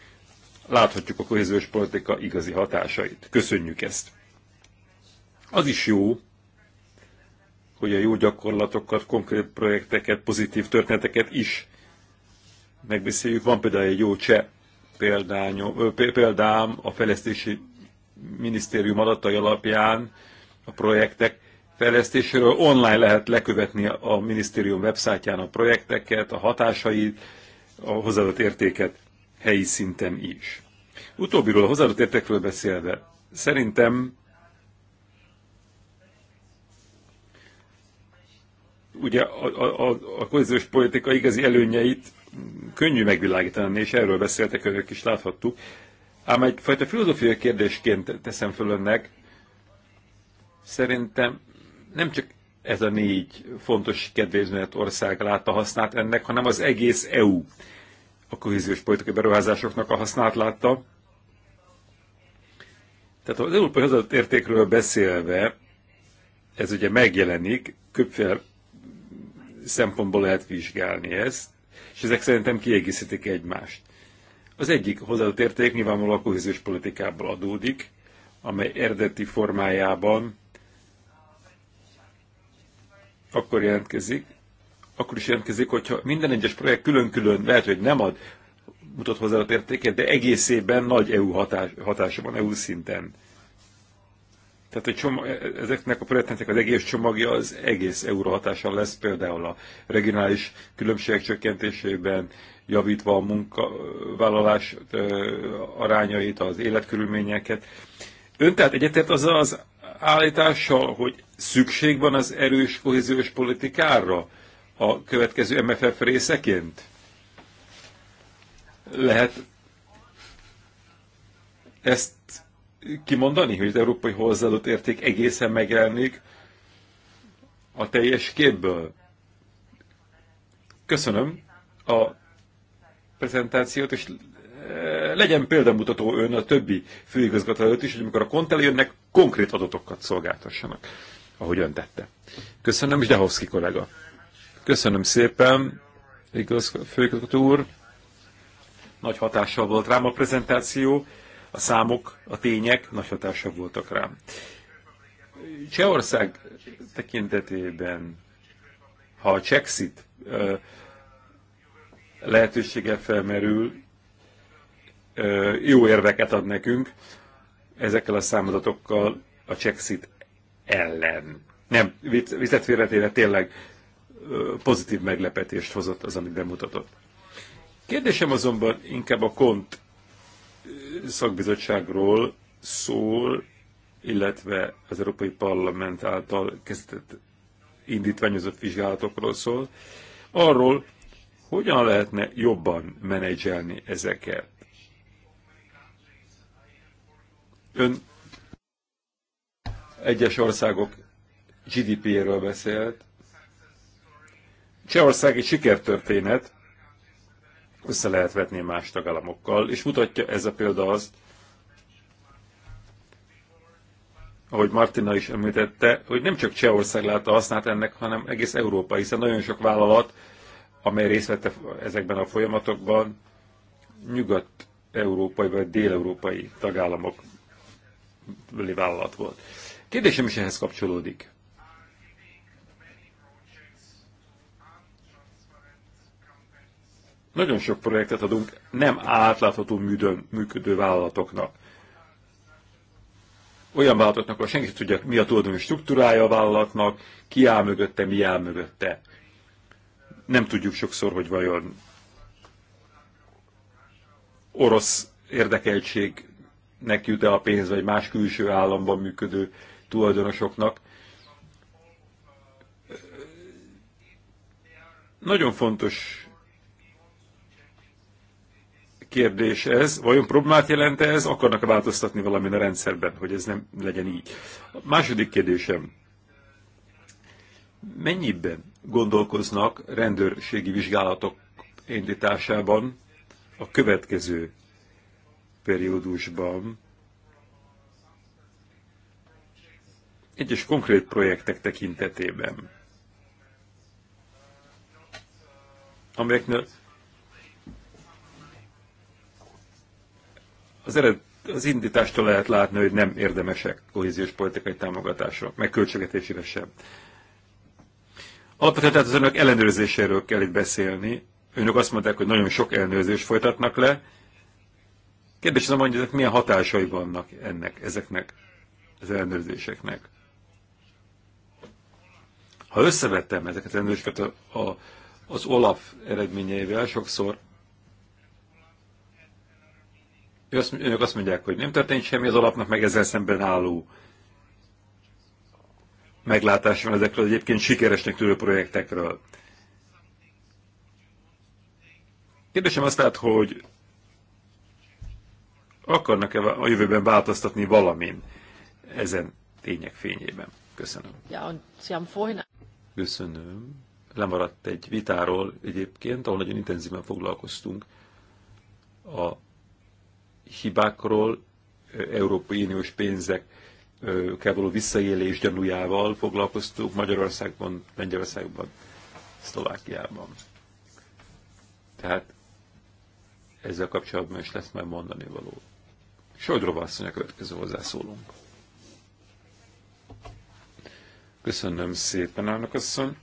láthatjuk a kohéziós politika igazi hatásait. Köszönjük ezt. Az is jó, hogy a jó gyakorlatokat, konkrét projekteket, pozitív történeteket is megbeszéljük. Van például egy jó cseh példám a fejlesztési minisztérium adatai alapján a projektek fejlesztéséről. Online lehet lekövetni a minisztérium websájtján a projekteket, a hatásait, a hozzáadott értéket helyi szinten is. Utóbbiról a hozzáadott értékről beszélve, szerintem ugye a, a, a kohéziós politika igazi előnyeit könnyű megvilágítani, és erről beszéltek önök is, láthattuk. Ám egyfajta filozófiai kérdésként teszem föl önnek, szerintem nem csak ez a négy fontos kedvezményet ország látta hasznát ennek, hanem az egész EU a kohéziós politikai beruházásoknak a hasznát látta. Tehát az európai hozzáadott értékről beszélve, ez ugye megjelenik köbbféle szempontból lehet vizsgálni ezt, és ezek szerintem kiegészítik egymást. Az egyik hozzáadott érték nyilvánvalóan a kohéziós politikából adódik, amely eredeti formájában akkor jelentkezik, akkor is jelentkezik, hogyha minden egyes projekt külön-külön lehet, hogy nem ad, mutat hozzáadott értéket, de egészében nagy EU hatás, hatása van EU szinten. Tehát a csomag, e, e, ezeknek a projekteknek az egész csomagja az egész euró hatással lesz, például a regionális különbségek csökkentésében, javítva a munkavállalás arányait, az életkörülményeket. Ön tehát egyetért az az állítással, hogy szükség van az erős kohéziós politikára a következő MFF részeként? Lehet ezt kimondani, hogy az európai hozzáadott érték egészen megjelenik a teljes képből. Köszönöm a prezentációt, és eh, legyen példamutató ön a többi főigazgató előtt is, hogy amikor a kontel jönnek, konkrét adatokat szolgáltassanak, ahogy ön tette. Köszönöm, és Dehovszki kollega. Köszönöm szépen, igaz, főigazgató úr. Nagy hatással volt rám a prezentáció a számok, a tények nagy hatása voltak rám. Csehország tekintetében, ha a Csexit lehetősége felmerül, jó érveket ad nekünk ezekkel a számadatokkal a Csexit ellen. Nem, viccet félretéve tényleg pozitív meglepetést hozott az, amit bemutatott. Kérdésem azonban inkább a kont szakbizottságról szól, illetve az Európai Parlament által kezdett indítványozott vizsgálatokról szól, arról, hogyan lehetne jobban menedzselni ezeket. Ön egyes országok GDP-ről beszélt. Csehország egy sikertörténet, össze lehet vetni más tagállamokkal, és mutatja ez a példa azt, ahogy Martina is említette, hogy nem csak Csehország látta hasznát ennek, hanem egész Európa, hiszen nagyon sok vállalat, amely részt vette ezekben a folyamatokban, nyugat-európai vagy dél-európai tagállamok vállalat volt. Kérdésem is ehhez kapcsolódik. Nagyon sok projektet adunk nem átlátható műdön, működő vállalatoknak. Olyan vállalatoknak, ahol senki tudja, mi a tulajdoni struktúrája a vállalatnak, ki áll mögötte, mi áll mögötte. Nem tudjuk sokszor, hogy vajon orosz érdekeltségnek jut e a pénz, vagy más külső államban működő tulajdonosoknak. Nagyon fontos kérdés ez, vajon problémát jelente ez, akarnak-e változtatni valamit a rendszerben, hogy ez nem legyen így. A második kérdésem, mennyiben gondolkoznak rendőrségi vizsgálatok indításában a következő periódusban egyes konkrét projektek tekintetében, amelyeknél az, ered, az indítástól lehet látni, hogy nem érdemesek kohéziós politikai támogatásra, meg költségetésére sem. Alapvetően tehát az önök ellenőrzéséről kell itt beszélni. Önök azt mondták, hogy nagyon sok ellenőrzést folytatnak le. Kérdés az, hogy ezek milyen hatásai vannak ennek, ezeknek az ellenőrzéseknek. Ha összevettem ezeket az ellenőrzéseket a, a, az OLAF eredményeivel, sokszor önök azt mondják, hogy nem történt semmi az alapnak, meg ezzel szemben álló meglátás van ezekről egyébként sikeresnek tűnő projektekről. Kérdésem azt lát, hogy akarnak-e a jövőben változtatni valamin ezen tények fényében? Köszönöm. Ja, Köszönöm. Lemaradt egy vitáról egyébként, ahol nagyon intenzíven foglalkoztunk a hibákról, Európai Uniós pénzek kell való visszaélés gyanújával foglalkoztunk Magyarországban, Lengyelországban, Szlovákiában. Tehát ezzel kapcsolatban is lesz majd mondani való. Sodrova asszony a következő hozzászólunk. Köszönöm szépen, elnök asszony.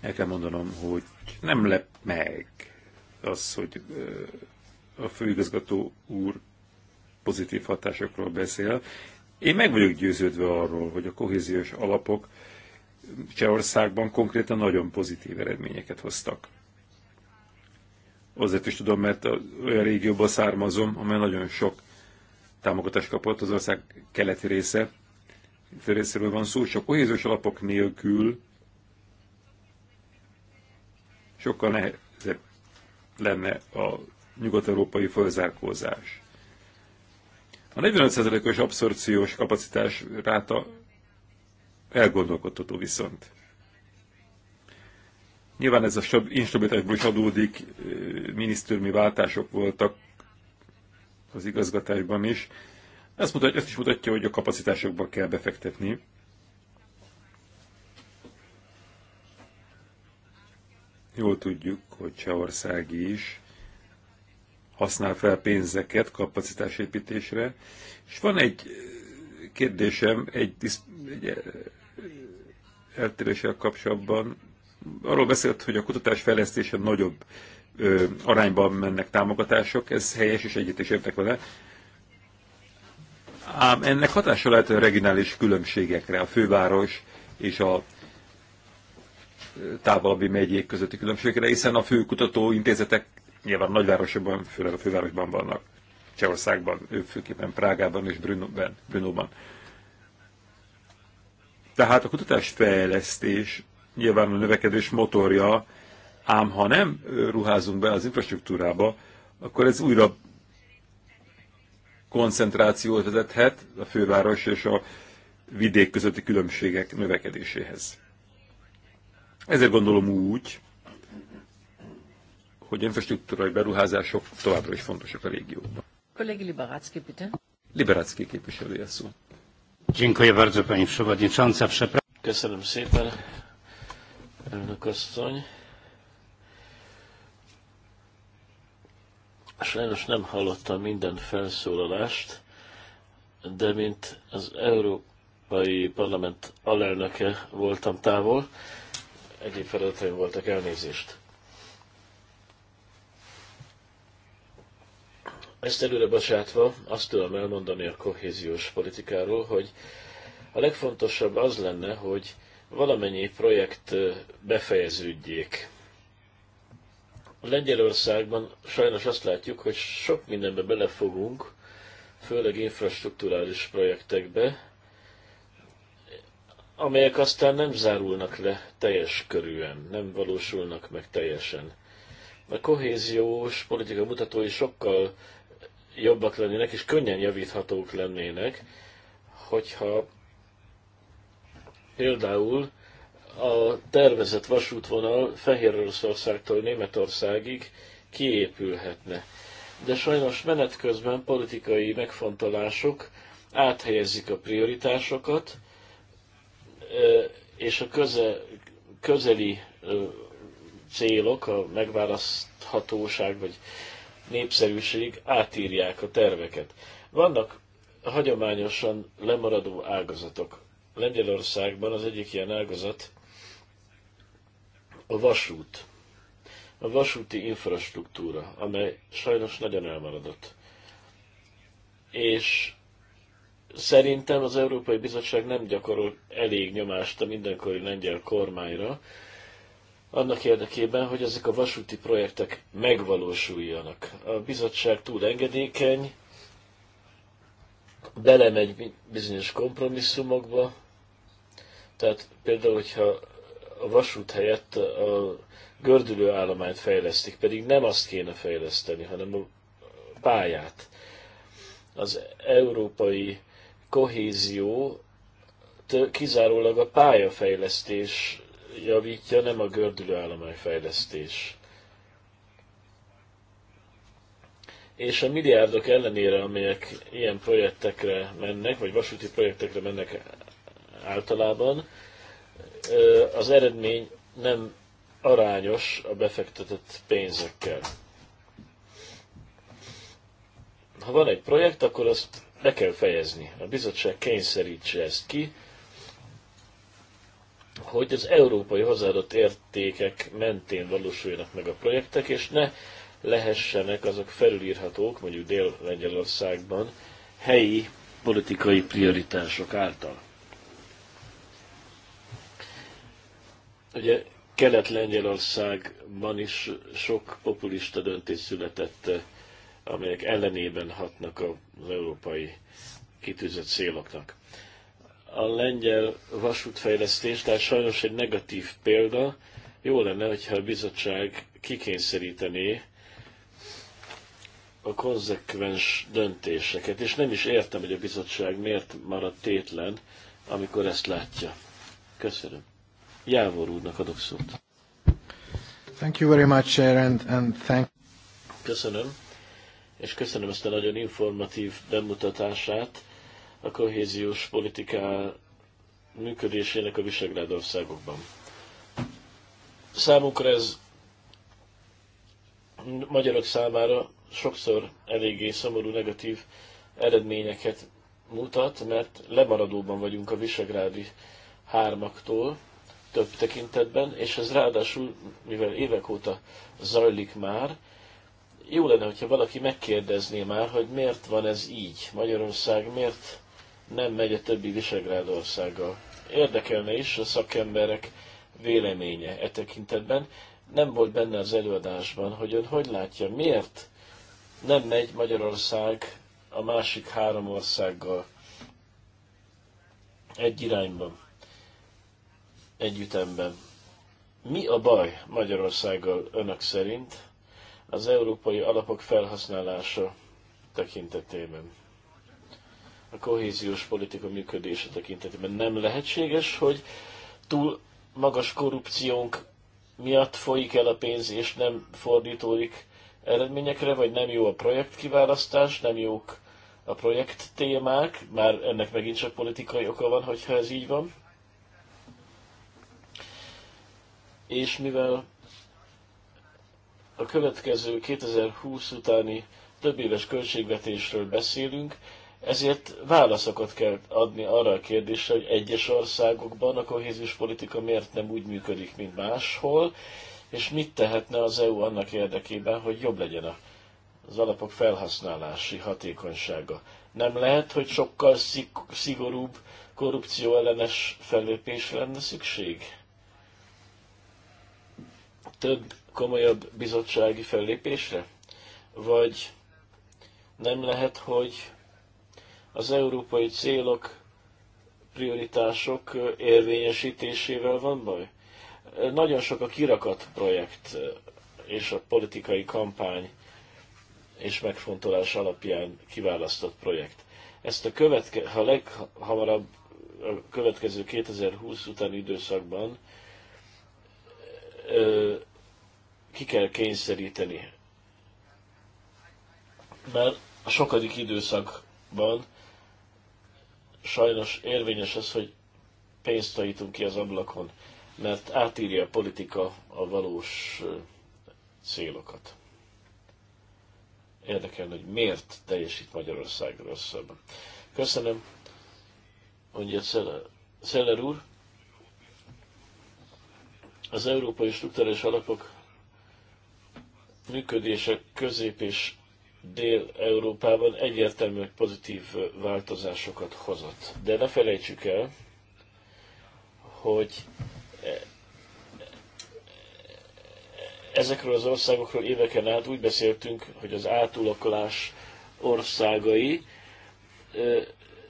El kell mondanom, hogy nem lep meg az, hogy a főigazgató úr pozitív hatásokról beszél. Én meg vagyok győződve arról, hogy a kohéziós alapok Csehországban konkrétan nagyon pozitív eredményeket hoztak. Azért is tudom, mert olyan régióban származom, amely nagyon sok támogatást kapott, az ország keleti része, részéről van szó, csak kohéziós alapok nélkül sokkal nehe, lenne a nyugat-európai fölzárkózás. A 45%-os abszorciós kapacitás ráta elgondolkodható viszont. Nyilván ez a instabilitásból is adódik, minisztőrmi váltások voltak az igazgatásban is. Ezt, mutatja, ezt is mutatja, hogy a kapacitásokba kell befektetni. Jól tudjuk, hogy Csehország is használ fel pénzeket kapacitásépítésre, és van egy eh, kérdésem, egy, egy eh, eltéréssel kapcsolatban. Arról beszélt, hogy a kutatás fejlesztése nagyobb ö, arányban mennek támogatások, ez helyes, és egyet is értek vele. Ám ennek hatása lehet a regionális különbségekre, a főváros és a távolabbi megyék közötti különbségre, hiszen a fő kutatóintézetek nyilván a nagyvárosokban, főleg a fővárosban vannak, Csehországban, ő főképpen Prágában és Brünóban. Brünóban. Tehát a kutatás fejlesztés nyilván a növekedés motorja, ám ha nem ruházunk be az infrastruktúrába, akkor ez újra koncentrációt vezethet a főváros és a vidék közötti különbségek növekedéséhez. Ezért gondolom úgy, hogy infrastruktúrai beruházások továbbra is fontosak a régióban. Kollégi Liberácki, bitte. Liberácki képviselő a szó. Dziękuję bardzo, pani przewodnicząca. Köszönöm szépen, elnök asszony. Sajnos nem hallottam minden felszólalást, de mint az Európai Parlament alelnöke voltam távol, egyéb feladataim voltak, elnézést. Ezt előre basátva azt tudom elmondani a kohéziós politikáról, hogy a legfontosabb az lenne, hogy valamennyi projekt befejeződjék. Lengyelországban sajnos azt látjuk, hogy sok mindenbe belefogunk, főleg infrastruktúrális projektekbe, amelyek aztán nem zárulnak le teljes körűen, nem valósulnak meg teljesen. A kohéziós politika mutatói sokkal jobbak lennének, és könnyen javíthatók lennének, hogyha például a tervezett vasútvonal Fehéroroszországtól Németországig kiépülhetne. De sajnos menet közben politikai megfontolások áthelyezik a prioritásokat, és a köze, közeli célok, a megválaszthatóság vagy népszerűség átírják a terveket. Vannak hagyományosan lemaradó ágazatok. Lengyelországban az egyik ilyen ágazat a vasút. A vasúti infrastruktúra, amely sajnos nagyon elmaradott. És Szerintem az Európai Bizottság nem gyakorol elég nyomást a mindenkori lengyel kormányra, annak érdekében, hogy ezek a vasúti projektek megvalósuljanak. A bizottság túl engedékeny, belemegy bizonyos kompromisszumokba, tehát például, hogyha a vasút helyett a gördülő állományt fejlesztik, pedig nem azt kéne fejleszteni, hanem a pályát. Az európai kohézió kizárólag a pályafejlesztés javítja, nem a gördülőállomány fejlesztés. És a milliárdok ellenére, amelyek ilyen projektekre mennek, vagy vasúti projektekre mennek általában, az eredmény nem arányos a befektetett pénzekkel. Ha van egy projekt, akkor azt le kell fejezni. A bizottság kényszerítse ezt ki, hogy az európai hozzáadott értékek mentén valósuljanak meg a projektek, és ne lehessenek azok felülírhatók, mondjuk Dél-Lengyelországban, helyi politikai prioritások által. Ugye Kelet-Lengyelországban is sok populista döntés született amelyek ellenében hatnak az európai kitűzött céloknak. A lengyel vasútfejlesztés, tehát sajnos egy negatív példa, jó lenne, hogyha a bizottság kikényszerítené a konzekvens döntéseket, és nem is értem, hogy a bizottság miért maradt tétlen, amikor ezt látja. Köszönöm. Jávor úrnak adok szót. Thank you very much, and, and thank... Köszönöm és köszönöm ezt a nagyon informatív bemutatását a kohéziós politiká működésének a Visegrád országokban. Számukra ez magyarok számára sokszor eléggé szomorú negatív eredményeket mutat, mert lemaradóban vagyunk a visegrádi hármaktól több tekintetben, és ez ráadásul, mivel évek óta zajlik már, jó lenne, hogyha valaki megkérdezné már, hogy miért van ez így. Magyarország miért nem megy a többi Visegrád országgal. Érdekelne is a szakemberek véleménye e tekintetben. Nem volt benne az előadásban, hogy ön hogy látja, miért nem megy Magyarország a másik három országgal egy irányban, egy ütemben. Mi a baj Magyarországgal önök szerint? az európai alapok felhasználása tekintetében, a kohéziós politika működése tekintetében nem lehetséges, hogy túl magas korrupciónk miatt folyik el a pénz, és nem fordítódik eredményekre, vagy nem jó a projekt kiválasztás, nem jók a projekt témák, már ennek megint csak politikai oka van, hogyha ez így van. És mivel a következő 2020 utáni több éves költségvetésről beszélünk, ezért válaszokat kell adni arra a kérdésre, hogy egyes országokban a kohéziós politika miért nem úgy működik, mint máshol, és mit tehetne az EU annak érdekében, hogy jobb legyen az alapok felhasználási hatékonysága. Nem lehet, hogy sokkal szigorúbb korrupcióellenes fellépésre lenne szükség? Több komolyabb bizottsági fellépésre? Vagy nem lehet, hogy az európai célok, prioritások érvényesítésével van baj? Nagyon sok a kirakat projekt és a politikai kampány és megfontolás alapján kiválasztott projekt. Ezt a követke, ha leghamarabb a következő 2020 utáni időszakban ö, ki kell kényszeríteni. Mert a sokadik időszakban sajnos érvényes az, hogy pénzt tajítunk ki az ablakon, mert átírja a politika a valós célokat. Érdekelne, hogy miért teljesít Magyarország rosszabban. Köszönöm, mondja Szeller úr. Az európai struktúrális alapok működések közép- és Dél-Európában egyértelműen pozitív változásokat hozott. De ne felejtsük el, hogy e- e- ezekről az országokról éveken át úgy beszéltünk, hogy az átulakulás országai e-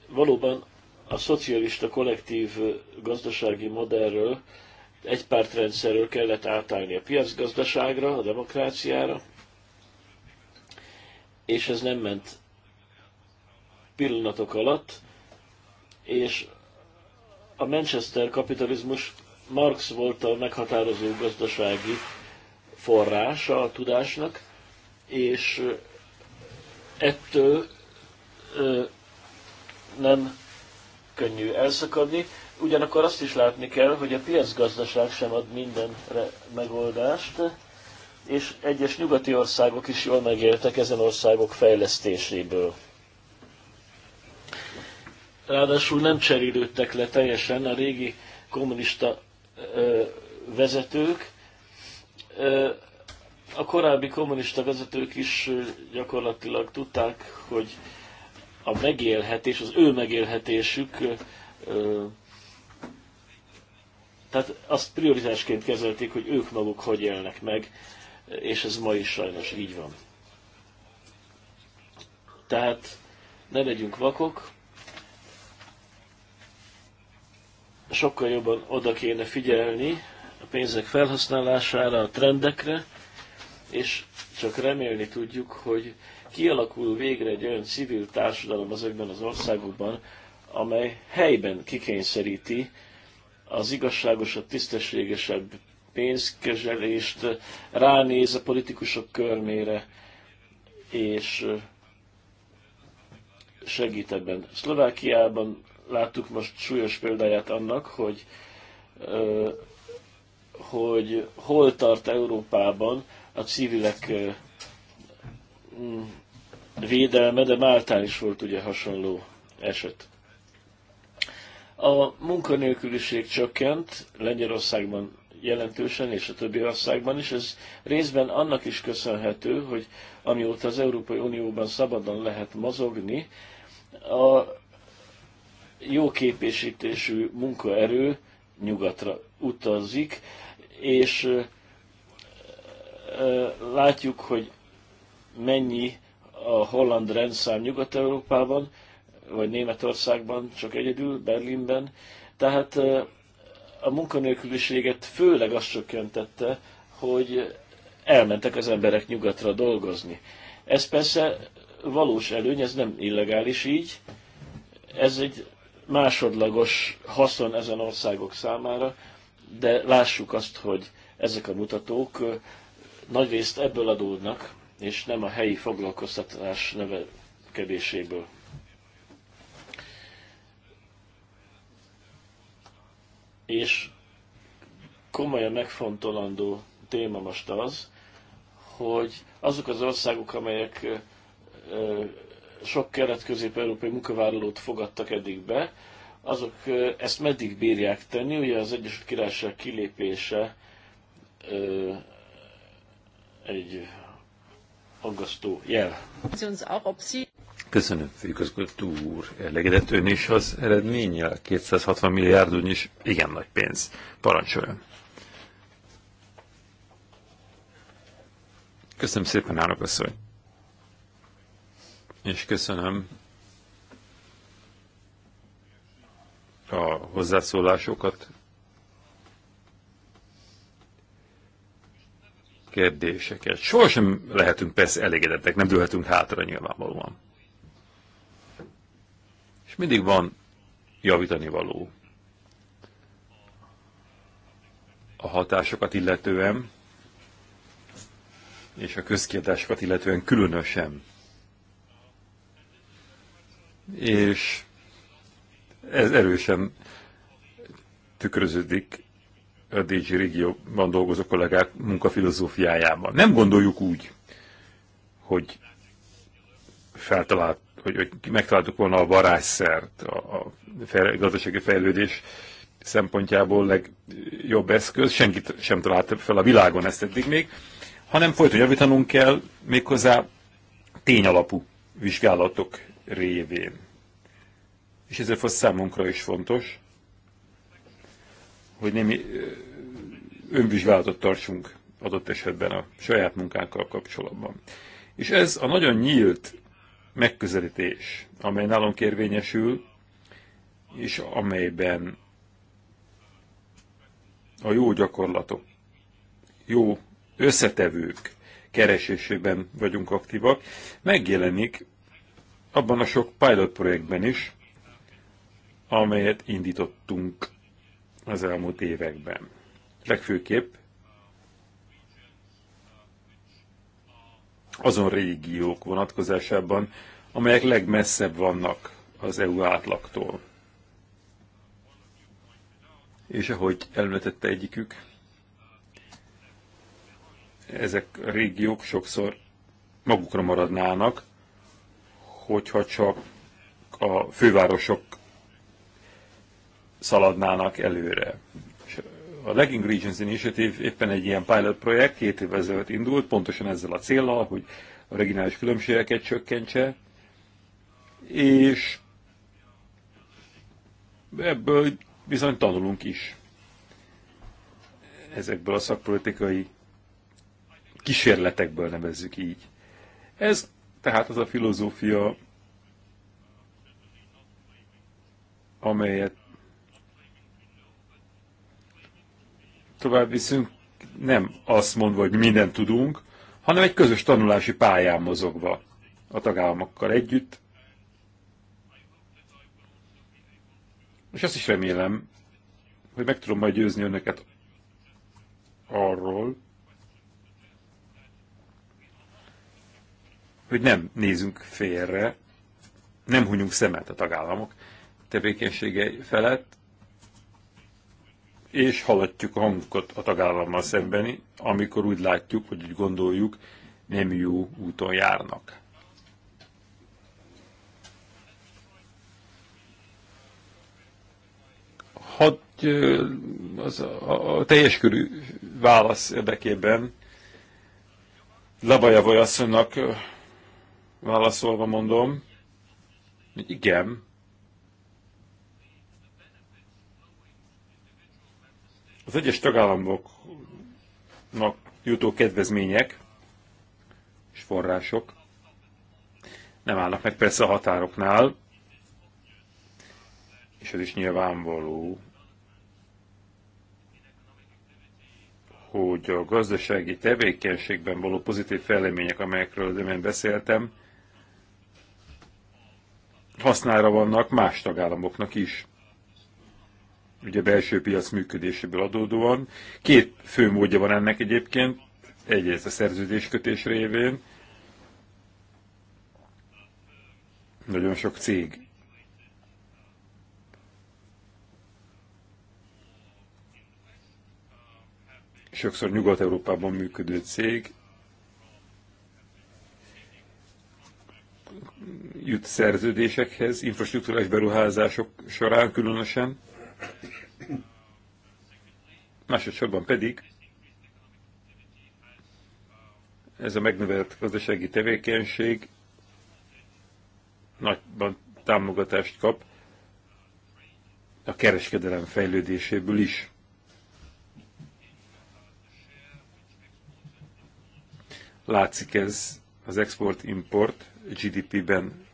valóban a szocialista kollektív gazdasági modellről egy egypártrendszerről kellett átállni a piacgazdaságra, a demokráciára, és ez nem ment pillanatok alatt, és a Manchester kapitalizmus Marx volt a meghatározó gazdasági forrása a tudásnak, és ettől nem könnyű elszakadni. Ugyanakkor azt is látni kell, hogy a piacgazdaság sem ad mindenre megoldást, és egyes nyugati országok is jól megéltek ezen országok fejlesztéséből. Ráadásul nem cserélődtek le teljesen a régi kommunista ö, vezetők. Ö, a korábbi kommunista vezetők is gyakorlatilag tudták, hogy a megélhetés, az ő megélhetésük ö, tehát azt prioritásként kezelték, hogy ők maguk hogy élnek meg, és ez ma is sajnos így van. Tehát ne legyünk vakok, sokkal jobban oda kéne figyelni a pénzek felhasználására, a trendekre, és csak remélni tudjuk, hogy kialakul végre egy olyan civil társadalom azokban az országokban, amely helyben kikényszeríti az igazságosabb, tisztességesebb pénzkezelést, ránéz a politikusok körmére, és eh, segít ebben. Szlovákiában láttuk most súlyos példáját annak, hogy, eh, hogy hol tart Európában a civilek eh, védelme, de Máltán is volt ugye hasonló eset. A munkanélküliség csökkent Lengyelországban jelentősen, és a többi országban is. Ez részben annak is köszönhető, hogy amióta az Európai Unióban szabadon lehet mozogni, a jó képésítésű munkaerő nyugatra utazik, és látjuk, hogy mennyi a holland rendszám Nyugat-Európában, vagy Németországban, csak egyedül, Berlinben. Tehát a munkanélküliséget főleg azt csökkentette, hogy elmentek az emberek nyugatra dolgozni. Ez persze valós előny, ez nem illegális így, ez egy másodlagos haszon ezen országok számára, de lássuk azt, hogy ezek a mutatók nagy részt ebből adódnak, és nem a helyi foglalkoztatás nevekedéséből. és komolyan megfontolandó téma most az, hogy azok az országok, amelyek sok kelet-közép-európai munkavállalót fogadtak eddig be, azok ezt meddig bírják tenni, ugye az Egyesült Királyság kilépése egy aggasztó jel. Köszönöm, főigazgató úr. Elegedett ön is az eredménye? 260 milliárd is igen nagy pénz. Parancsoljon. Köszönöm szépen, állok szó. És köszönöm a hozzászólásokat, kérdéseket. Sohasem lehetünk persze elégedettek, nem dőlhetünk hátra nyilvánvalóan és mindig van javítani való a hatásokat illetően, és a közkiadásokat illetően különösen. És ez erősen tükröződik a DG régióban dolgozó kollégák munkafilozófiájában. Nem gondoljuk úgy, hogy feltalált hogy, hogy megtaláltuk volna a varázsszert a, a fel, gazdasági fejlődés szempontjából legjobb eszköz. Senkit sem talált fel a világon ezt eddig még, hanem folyton javítanunk kell méghozzá tényalapú vizsgálatok révén. És ezért fog számunkra is fontos, hogy némi önvizsgálatot tartsunk adott esetben a saját munkánkkal kapcsolatban. És ez a nagyon nyílt megközelítés, amely nálunk érvényesül, és amelyben a jó gyakorlatok, jó összetevők keresésében vagyunk aktívak, megjelenik abban a sok pilot projektben is, amelyet indítottunk az elmúlt években. Legfőképp azon régiók vonatkozásában, amelyek legmesszebb vannak az EU átlagtól. És ahogy elmetette egyikük, ezek a régiók sokszor magukra maradnának, hogyha csak a fővárosok szaladnának előre a Legging Regions Initiative éppen egy ilyen pilot projekt, két évvel ezelőtt indult, pontosan ezzel a célral, hogy a regionális különbségeket csökkentse, és ebből bizony tanulunk is. Ezekből a szakpolitikai kísérletekből nevezzük így. Ez tehát az a filozófia, amelyet tovább viszünk, nem azt mondva, hogy mindent tudunk, hanem egy közös tanulási pályán mozogva a tagállamokkal együtt. És azt is remélem, hogy meg tudom majd győzni önöket arról, hogy nem nézünk félre, nem hunyunk szemet a tagállamok tevékenysége felett, és hallatjuk a hangukat a tagállammal szembeni, amikor úgy látjuk, hogy úgy gondoljuk, nem jó úton járnak. Hadd az a, a teljes körű válasz érdekében Labajavoly asszonynak válaszolva mondom, hogy igen, Az egyes tagállamoknak jutó kedvezmények és források nem állnak meg persze a határoknál, és ez is nyilvánvaló, hogy a gazdasági tevékenységben való pozitív fejlemények, amelyekről az beszéltem, hasznára vannak más tagállamoknak is ugye a belső piac működéséből adódóan. Két fő módja van ennek egyébként, egyrészt a szerződéskötés révén, nagyon sok cég sokszor Nyugat-Európában működő cég jut szerződésekhez, infrastruktúrás beruházások során különösen, Másodszorban pedig ez a megnövelt gazdasági tevékenység nagyban támogatást kap a kereskedelem fejlődéséből is. Látszik ez az export-import GDP-ben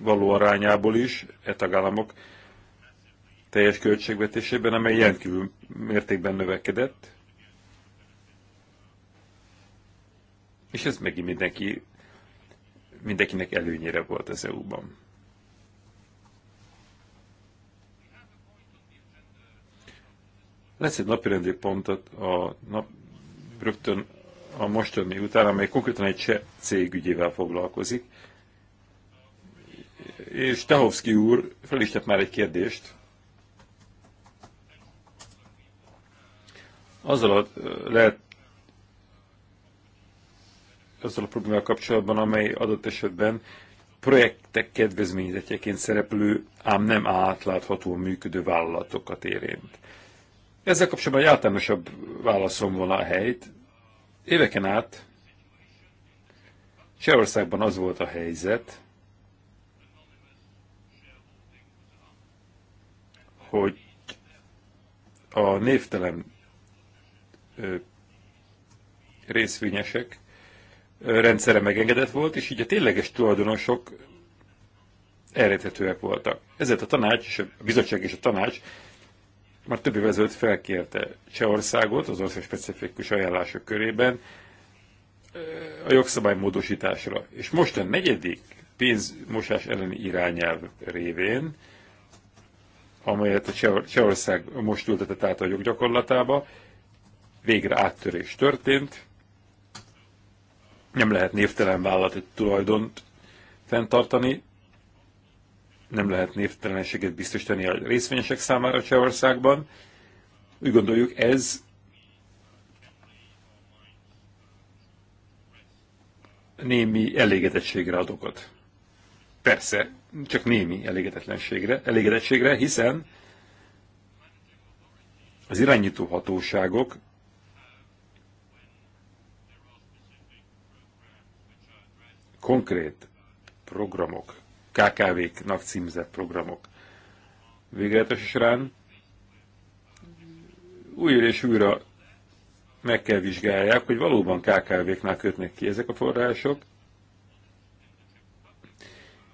való arányából is, e tagállamok teljes költségvetésében, amely rendkívül mértékben növekedett. És ez megint mindenki, mindenkinek előnyére volt az EU-ban. Lesz egy napirendi pontot a nap, rögtön a mostani után, amely konkrétan egy cseh cég ügyével foglalkozik. És Tehovszki úr felistett már egy kérdést, azzal a, lehet azzal a problémával kapcsolatban, amely adott esetben projektek kedvezményezetjeként szereplő, ám nem átláthatóan működő vállalatokat érint. Ezzel kapcsolatban egy általánosabb válaszom volna a helyt. Éveken át Csehországban az volt a helyzet, hogy a névtelen részvényesek rendszere megengedett volt, és így a tényleges tulajdonosok elrejthetőek voltak. Ezért a tanács, és a bizottság és a tanács már több évvel ezelőtt felkérte Csehországot az ország specifikus ajánlások körében a jogszabály módosításra. És most a negyedik pénzmosás elleni irányelv révén, amelyet a Csehország most ültetett át a joggyakorlatába, végre áttörés történt. Nem lehet névtelen vállalati tulajdont fenntartani, nem lehet névtelenséget biztosítani a részvényesek számára Csehországban. Úgy gondoljuk, ez némi elégedettségre ad okot. Persze, csak némi elégedetlenségre, elégedettségre, hiszen az irányító hatóságok konkrét programok, KKV-knak címzett programok végletes során újra és újra meg kell vizsgálják, hogy valóban KKV-knál kötnek ki ezek a források,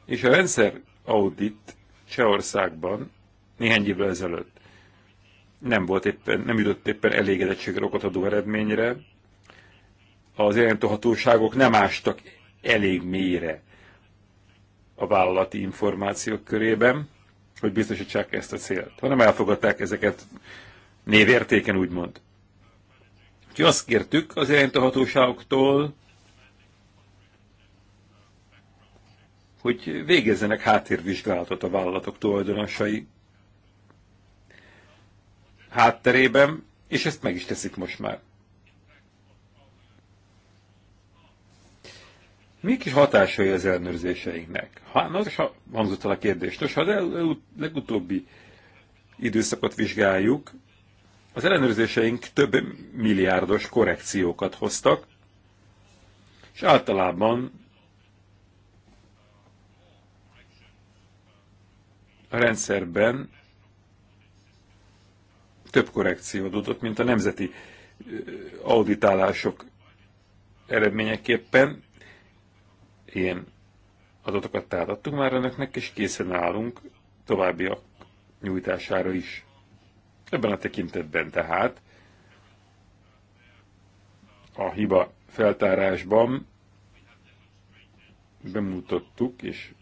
és a rendszer audit Csehországban néhány évvel ezelőtt nem, volt éppen, nem jutott éppen elégedettségre okot adó eredményre. Az hatóságok nem ástak elég mélyre a vállalati információk körében, hogy biztosítsák ezt a célt, hanem elfogadták ezeket névértéken, úgymond. Úgyhogy azt kértük az hatóságoktól, hogy végezzenek háttérvizsgálatot a vállalatok tulajdonosai hátterében, és ezt meg is teszik most már. Mik is hatásai az ellenőrzéseinknek? Ha, na, ha hangzott el a kérdést, és ha a legutóbbi időszakot vizsgáljuk, az ellenőrzéseink több milliárdos korrekciókat hoztak, és általában a rendszerben több korrekció adódott, mint a nemzeti auditálások eredményeképpen, ilyen adatokat táradtunk már önöknek, és készen állunk továbbiak nyújtására is. Ebben a tekintetben tehát a hiba feltárásban bemutattuk, és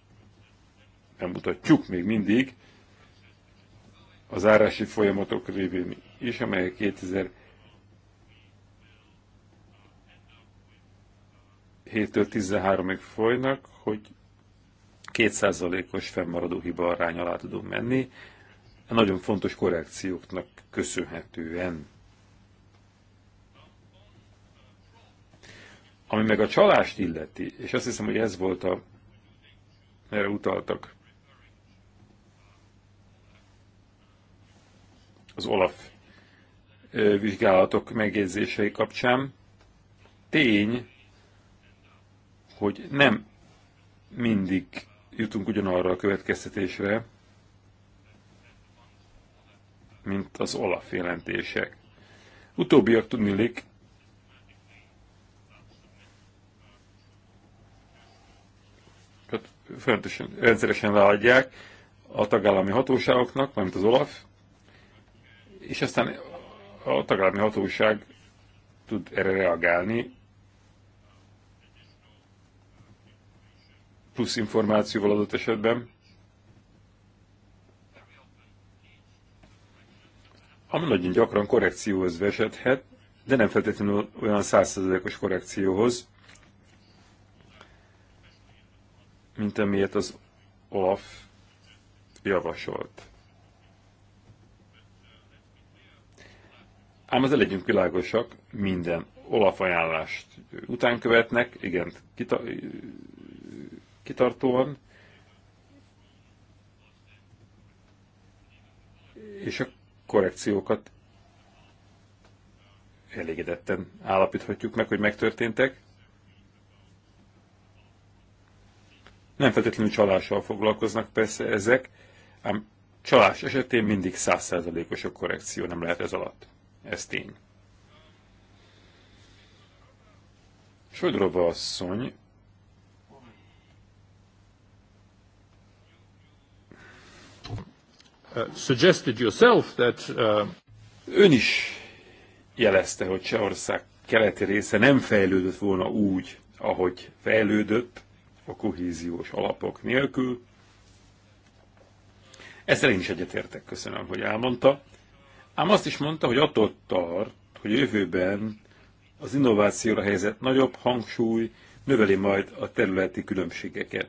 bemutatjuk még mindig az árási folyamatok révén is, amelyek 2000 7-től 13-ig folynak, hogy 2%-os fennmaradó hiba arány alá tudunk menni, a nagyon fontos korrekcióknak köszönhetően. Ami meg a csalást illeti, és azt hiszem, hogy ez volt a, erre utaltak, az Olaf vizsgálatok megjegyzései kapcsán. Tény, hogy nem mindig jutunk ugyanarra a következtetésre, mint az Olaf jelentések. Utóbbiak tudnilik, fontosan, rendszeresen leadják a tagállami hatóságoknak, mint az Olaf, és aztán a tagállami hatóság tud erre reagálni, plusz információval adott esetben. Ami nagyon gyakran korrekcióhoz vezethet, de nem feltétlenül olyan százszerzelékos korrekcióhoz, mint amilyet az Olaf javasolt. Ám az legyünk világosak, minden Olaf ajánlást után követnek, igen, kita, kitartóan, és a korrekciókat elégedetten állapíthatjuk meg, hogy megtörténtek. Nem feltétlenül csalással foglalkoznak persze ezek, ám csalás esetén mindig százszerzalékos a korrekció, nem lehet ez alatt. Ez tény. Sodrova asszony Uh, suggested yourself that, uh... Ön is jelezte, hogy Csehország keleti része nem fejlődött volna úgy, ahogy fejlődött a kohéziós alapok nélkül. Ezzel én is egyetértek, köszönöm, hogy elmondta. Ám azt is mondta, hogy attól tart, hogy jövőben az innovációra helyezett nagyobb hangsúly növeli majd a területi különbségeket.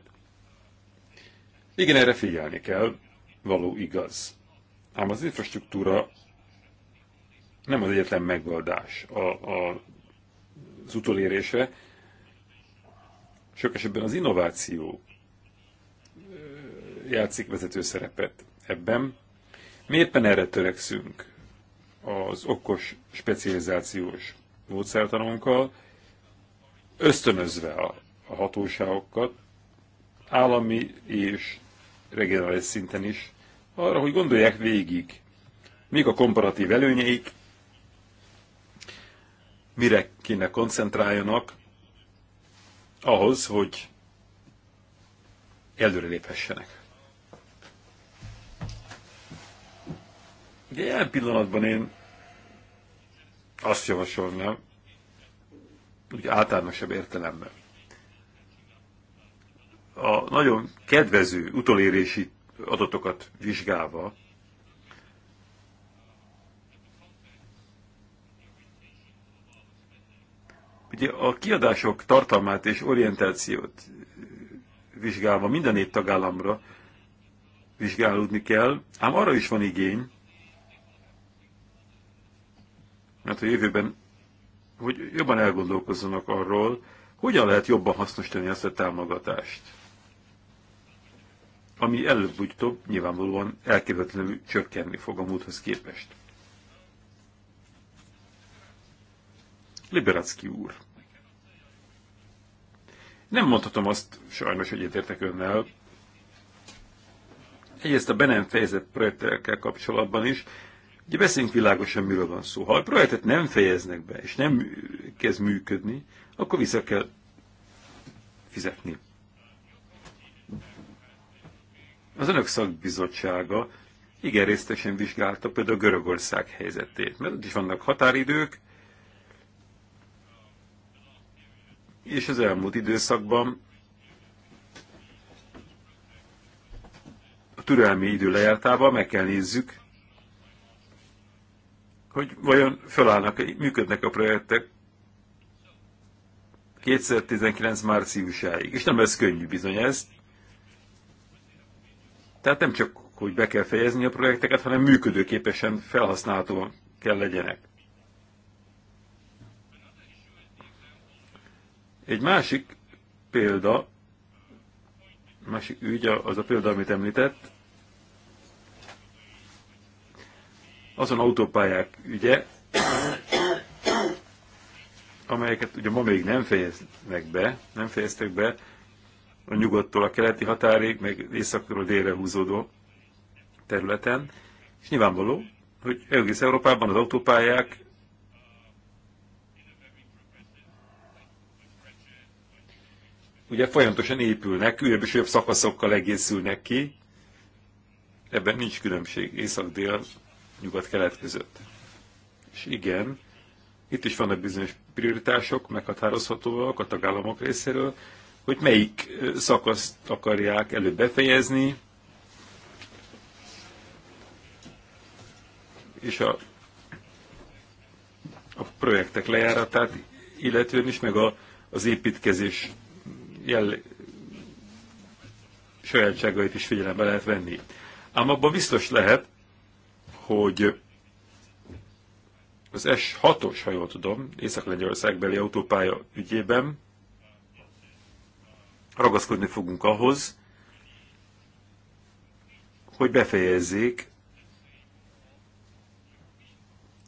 Igen, erre figyelni kell, való igaz. Ám az infrastruktúra nem az egyetlen megoldás a, a, az utolérésre. Sok esetben az innováció játszik vezető szerepet ebben. Mi éppen erre törekszünk az okos specializációs módszertanunkkal, ösztönözve a hatóságokat, állami és regionális szinten is, arra, hogy gondolják végig, mik a komparatív előnyeik, mire kéne koncentráljanak ahhoz, hogy előreléphessenek. De ilyen pillanatban én azt javasolnám, úgy általánosabb értelemben, a nagyon kedvező utolérési adatokat vizsgálva, Ugye a kiadások tartalmát és orientációt vizsgálva minden négy tagállamra vizsgálódni kell, ám arra is van igény, mert a jövőben, hogy jobban elgondolkozzanak arról, hogyan lehet jobban hasznosítani ezt a támogatást ami előbb vagy utóbb nyilvánvalóan elképzelhetően csökkenni fog a múlthoz képest. Liberacki úr. Nem mondhatom azt, sajnos, egyetértek önnel. Egyrészt a be nem fejezett projektekkel kapcsolatban is, ugye beszéljünk világosan, miről van szó. Ha a projektet nem fejeznek be, és nem kezd működni, akkor vissza kell fizetni Az önök szakbizottsága igen résztesen vizsgálta például a Görögország helyzetét, mert ott is vannak határidők, és az elmúlt időszakban a türelmi idő lejártával meg kell nézzük, hogy vajon felállnak, működnek a projektek 2019 márciusáig. És nem ez könnyű bizony ezt, tehát nem csak, hogy be kell fejezni a projekteket, hanem működőképesen felhasználhatóan kell legyenek. Egy másik példa, másik ügy az a példa, amit említett, azon autópályák ügye, amelyeket ugye ma még nem fejeznek be, nem fejeztek be, a nyugodtól a keleti határig, meg északról délre húzódó területen. És nyilvánvaló, hogy egész Európában az autópályák ugye folyamatosan épülnek, újabb és újabb szakaszokkal egészülnek ki, ebben nincs különbség észak-dél, nyugat-kelet között. És igen, itt is vannak bizonyos prioritások, meghatározhatóak a tagállamok részéről, hogy melyik szakaszt akarják előbb befejezni, és a, a projektek lejáratát, illetően is, meg a, az építkezés jell sajátságait is figyelembe lehet venni. Ám abban biztos lehet, hogy az S6-os, ha jól tudom, észak lengyelország beli autópálya ügyében ragaszkodni fogunk ahhoz, hogy befejezzék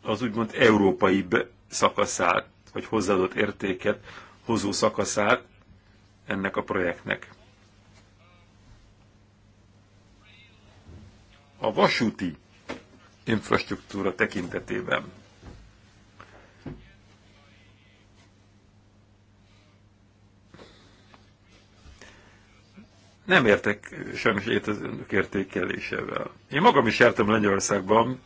az úgymond európai szakaszát, vagy hozzáadott értéket hozó szakaszát ennek a projektnek. A vasúti infrastruktúra tekintetében nem értek sajnos egyet az önök értékelésevel. Én magam is jártam Lengyelországban,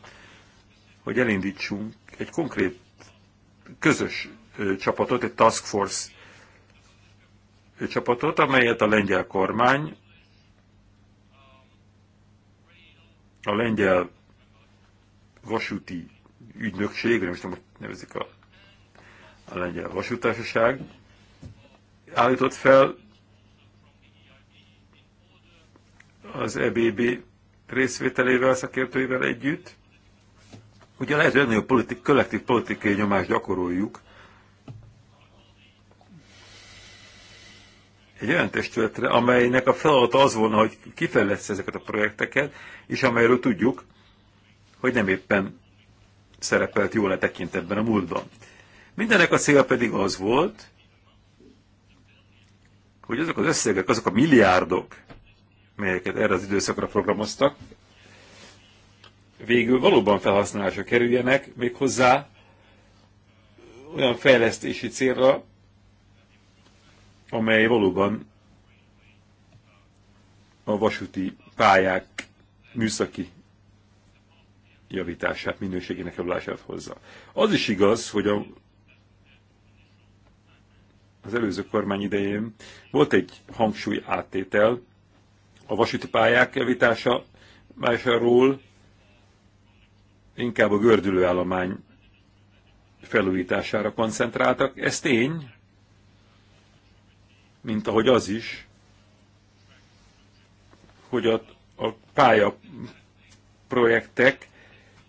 hogy elindítsunk egy konkrét közös csapatot, egy task force csapatot, amelyet a lengyel kormány, a lengyel vasúti ügynökség, nem is tudom, hogy nevezik a, a lengyel vasútársaság, állított fel, az EBB részvételével, szakértőivel együtt. Ugye lehet, hogy legnagyobb politik, kollektív politikai nyomást gyakoroljuk egy olyan testületre, amelynek a feladata az volna, hogy kifejlesz ezeket a projekteket, és amelyről tudjuk, hogy nem éppen szerepelt jól a tekintetben a múltban. Mindenek a cél pedig az volt, hogy azok az összegek, azok a milliárdok, melyeket erre az időszakra programoztak, végül valóban felhasználásra kerüljenek, még hozzá olyan fejlesztési célra, amely valóban a vasúti pályák műszaki javítását, minőségének javulását hozza. Az is igaz, hogy a, az előző kormány idején volt egy hangsúly áttétel a vasúti pályák javítása másáról inkább a gördülőállomány felújítására koncentráltak. Ez tény, mint ahogy az is, hogy a, a pálya projektek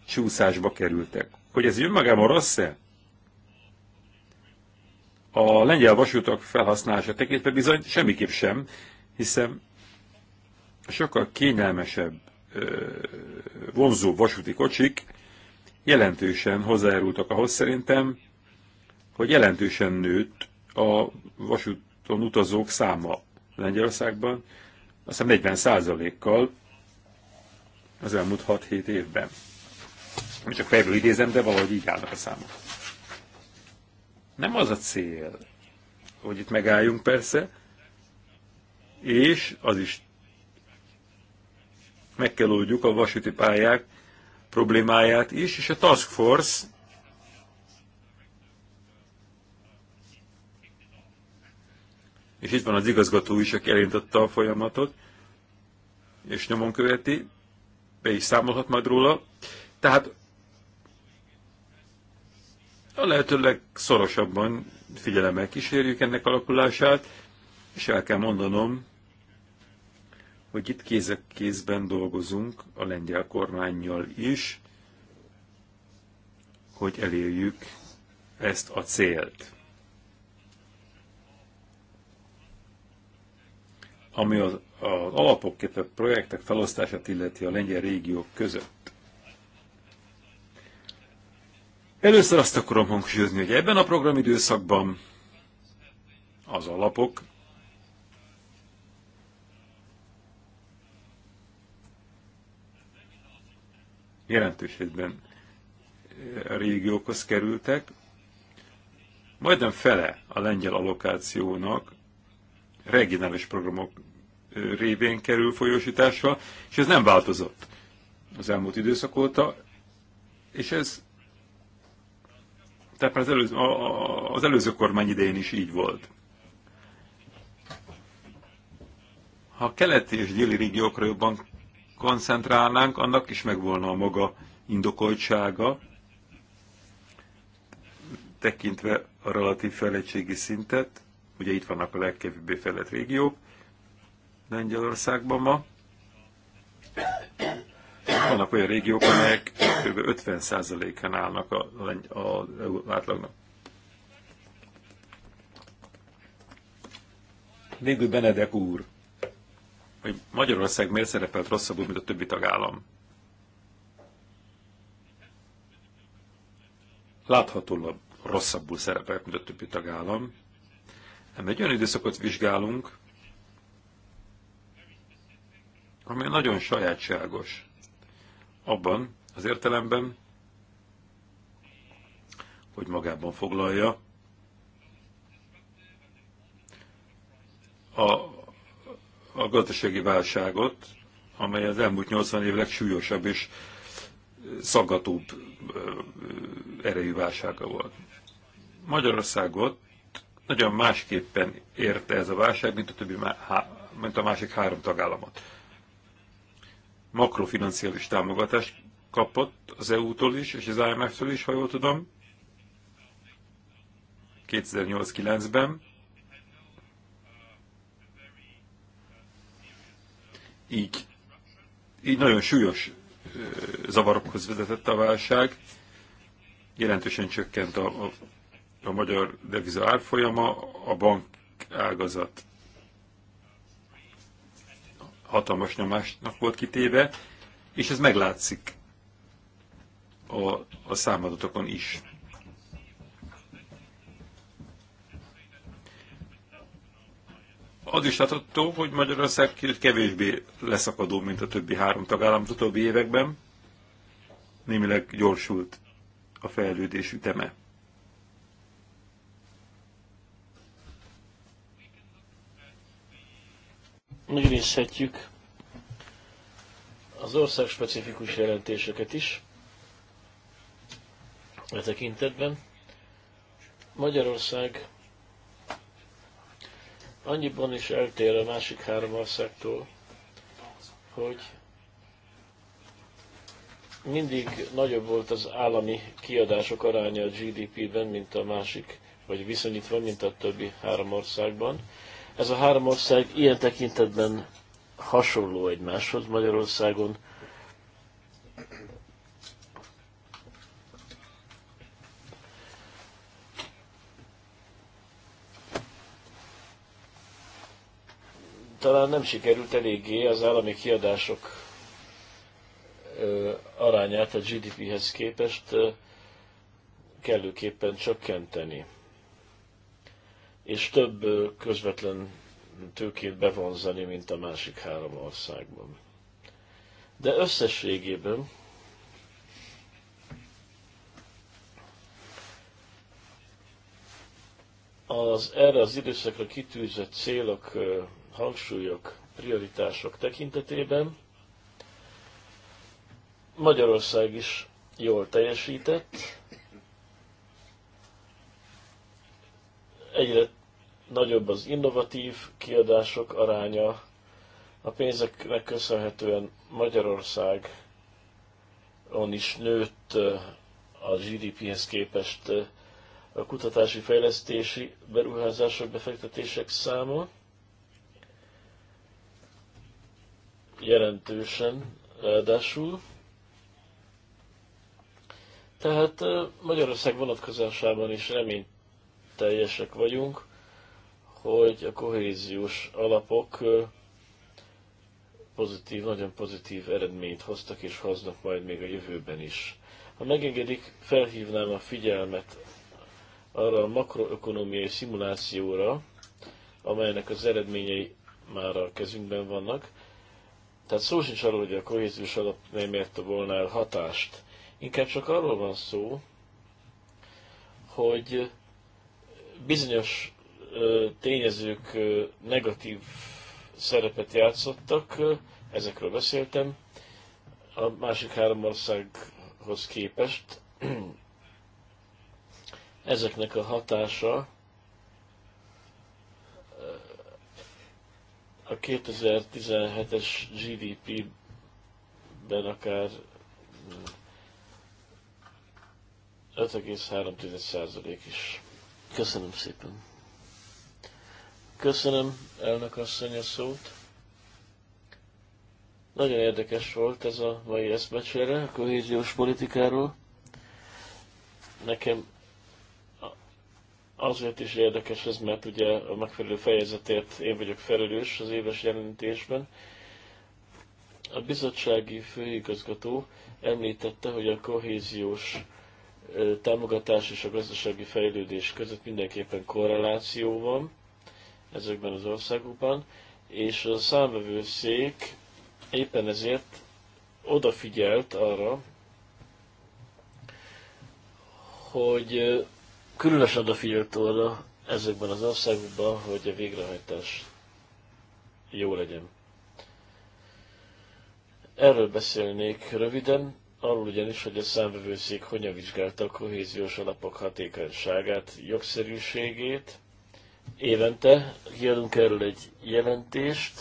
csúszásba kerültek. Hogy ez önmagában rossz-e? A lengyel vasútak felhasználása tekintve bizony semmiképp sem, hiszen sokkal kényelmesebb, vonzó vasúti kocsik jelentősen hozzájárultak ahhoz szerintem, hogy jelentősen nőtt a vasúton utazók száma Lengyelországban, azt hiszem 40 százalékkal az elmúlt 6-7 évben. Csak fejből idézem, de valahogy így állnak a számok. Nem az a cél, hogy itt megálljunk persze, és az is meg kell oldjuk a vasúti pályák problémáját is, és a Task Force és itt van az igazgató is, aki elindította a folyamatot, és nyomon követi, be is számolhat majd róla. Tehát a lehetőleg szorosabban figyelemmel kísérjük ennek alakulását, és el kell mondanom, hogy itt kézek kézben dolgozunk a lengyel kormányjal is, hogy elérjük ezt a célt. Ami az, az alapok, a projektek felosztását illeti a lengyel régiók között. Először azt akarom hangsúlyozni, hogy ebben a programidőszakban az alapok jelentős egyben eh, a régiókhoz kerültek. Majdnem fele a lengyel allokációnak regionális programok eh, révén kerül folyósításra, és ez nem változott az elmúlt időszak óta, és ez tehát már az előző, az előző kormány idején is így volt. Ha a keleti és déli régiókra jobban koncentrálnánk, annak is megvolna a maga indokoltsága, tekintve a relatív fejlettségi szintet, ugye itt vannak a legkevésbé fejlett régiók Lengyelországban ma. Vannak olyan régiók, amelyek kb. 50 en állnak a átlagnak. Végül Benedek úr hogy Magyarország miért szerepelt rosszabbul, mint a többi tagállam. Láthatólag rosszabbul szerepelt, mint a többi tagállam. Nem egy olyan időszakot vizsgálunk, ami nagyon sajátságos. Abban az értelemben, hogy magában foglalja a a gazdasági válságot, amely az elmúlt 80 év legsúlyosabb és szaggatóbb erejű válsága volt. Magyarországot nagyon másképpen érte ez a válság, mint a, többi, mint a másik három tagállamot. Makrofinanciális támogatást kapott az EU-tól is, és az IMF-től is, ha jól tudom, 2008-9-ben, így, így nagyon súlyos zavarokhoz vezetett a válság, jelentősen csökkent a, a, a magyar deviza árfolyama, a bank ágazat hatalmas nyomásnak volt kitéve, és ez meglátszik a, a számadatokon is. az is látható, hogy Magyarország kevésbé leszakadó, mint a többi három tagállam az utóbbi években. Némileg gyorsult a fejlődés üteme. Megnézhetjük az ország specifikus jelentéseket is e tekintetben. Magyarország annyiban is eltér a másik három országtól, hogy mindig nagyobb volt az állami kiadások aránya a GDP-ben, mint a másik, vagy viszonyítva, mint a többi három országban. Ez a három ország ilyen tekintetben hasonló egymáshoz Magyarországon talán nem sikerült eléggé az állami kiadások arányát a GDP-hez képest kellőképpen csökkenteni, és több közvetlen tőkét bevonzani, mint a másik három országban. De összességében az erre az időszakra kitűzött célok hangsúlyok, prioritások tekintetében Magyarország is jól teljesített, egyre nagyobb az innovatív kiadások aránya, a pénzeknek köszönhetően Magyarország on is nőtt eh, a GDP-hez képest eh, a kutatási fejlesztési beruházások, befektetések száma. jelentősen ráadásul. Tehát Magyarország vonatkozásában is reményteljesek vagyunk, hogy a kohéziós alapok pozitív, nagyon pozitív eredményt hoztak és hoznak majd még a jövőben is. Ha megengedik, felhívnám a figyelmet arra a makroökonomiai szimulációra, amelynek az eredményei már a kezünkben vannak, tehát szó sincs arról, hogy a kohéziós alap nem érte volna el hatást. Inkább csak arról van szó, hogy bizonyos tényezők negatív szerepet játszottak, ezekről beszéltem, a másik három országhoz képest. [CLEARS THROAT] Ezeknek a hatása a 2017-es GDP-ben akár 5,3% mm, is. Köszönöm szépen. Köszönöm, elnök asszony a szót. Nagyon érdekes volt ez a mai eszmecsere a kohéziós politikáról. Nekem Azért is érdekes ez, mert ugye a megfelelő fejezetért én vagyok felelős az éves jelentésben. A bizottsági főigazgató említette, hogy a kohéziós támogatás és a gazdasági fejlődés között mindenképpen korreláció van ezekben az országokban, és a számvevőszék éppen ezért odafigyelt arra, hogy különös a arra ezekben az országokban, hogy a végrehajtás jó legyen. Erről beszélnék röviden, arról ugyanis, hogy a számvevőszék hogyan vizsgálta a kohéziós alapok hatékonyságát, jogszerűségét. Évente kiadunk erről egy jelentést,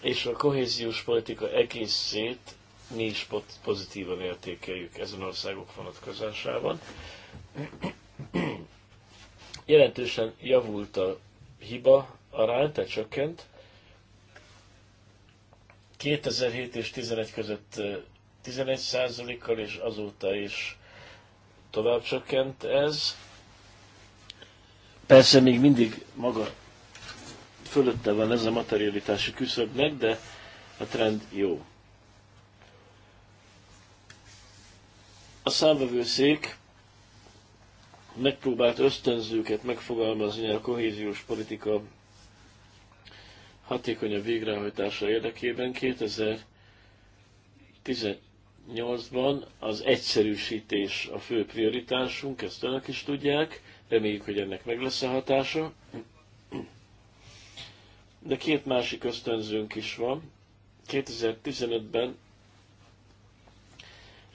és a kohéziós politika egészét mi is pozitívan értékeljük ezen országok vonatkozásában. Jelentősen javult a hiba arány, tehát csökkent. 2007 és 11 között 11%-kal, és azóta is tovább csökkent ez. Persze még mindig maga fölötte van ez a materialitási küszöbnek, de a trend jó. A számvevőszék megpróbált ösztönzőket megfogalmazni a kohéziós politika hatékonyabb végrehajtása érdekében 2018-ban az egyszerűsítés a fő prioritásunk, ezt önök is tudják, reméljük, hogy ennek meg lesz a hatása. De két másik ösztönzőnk is van. 2015-ben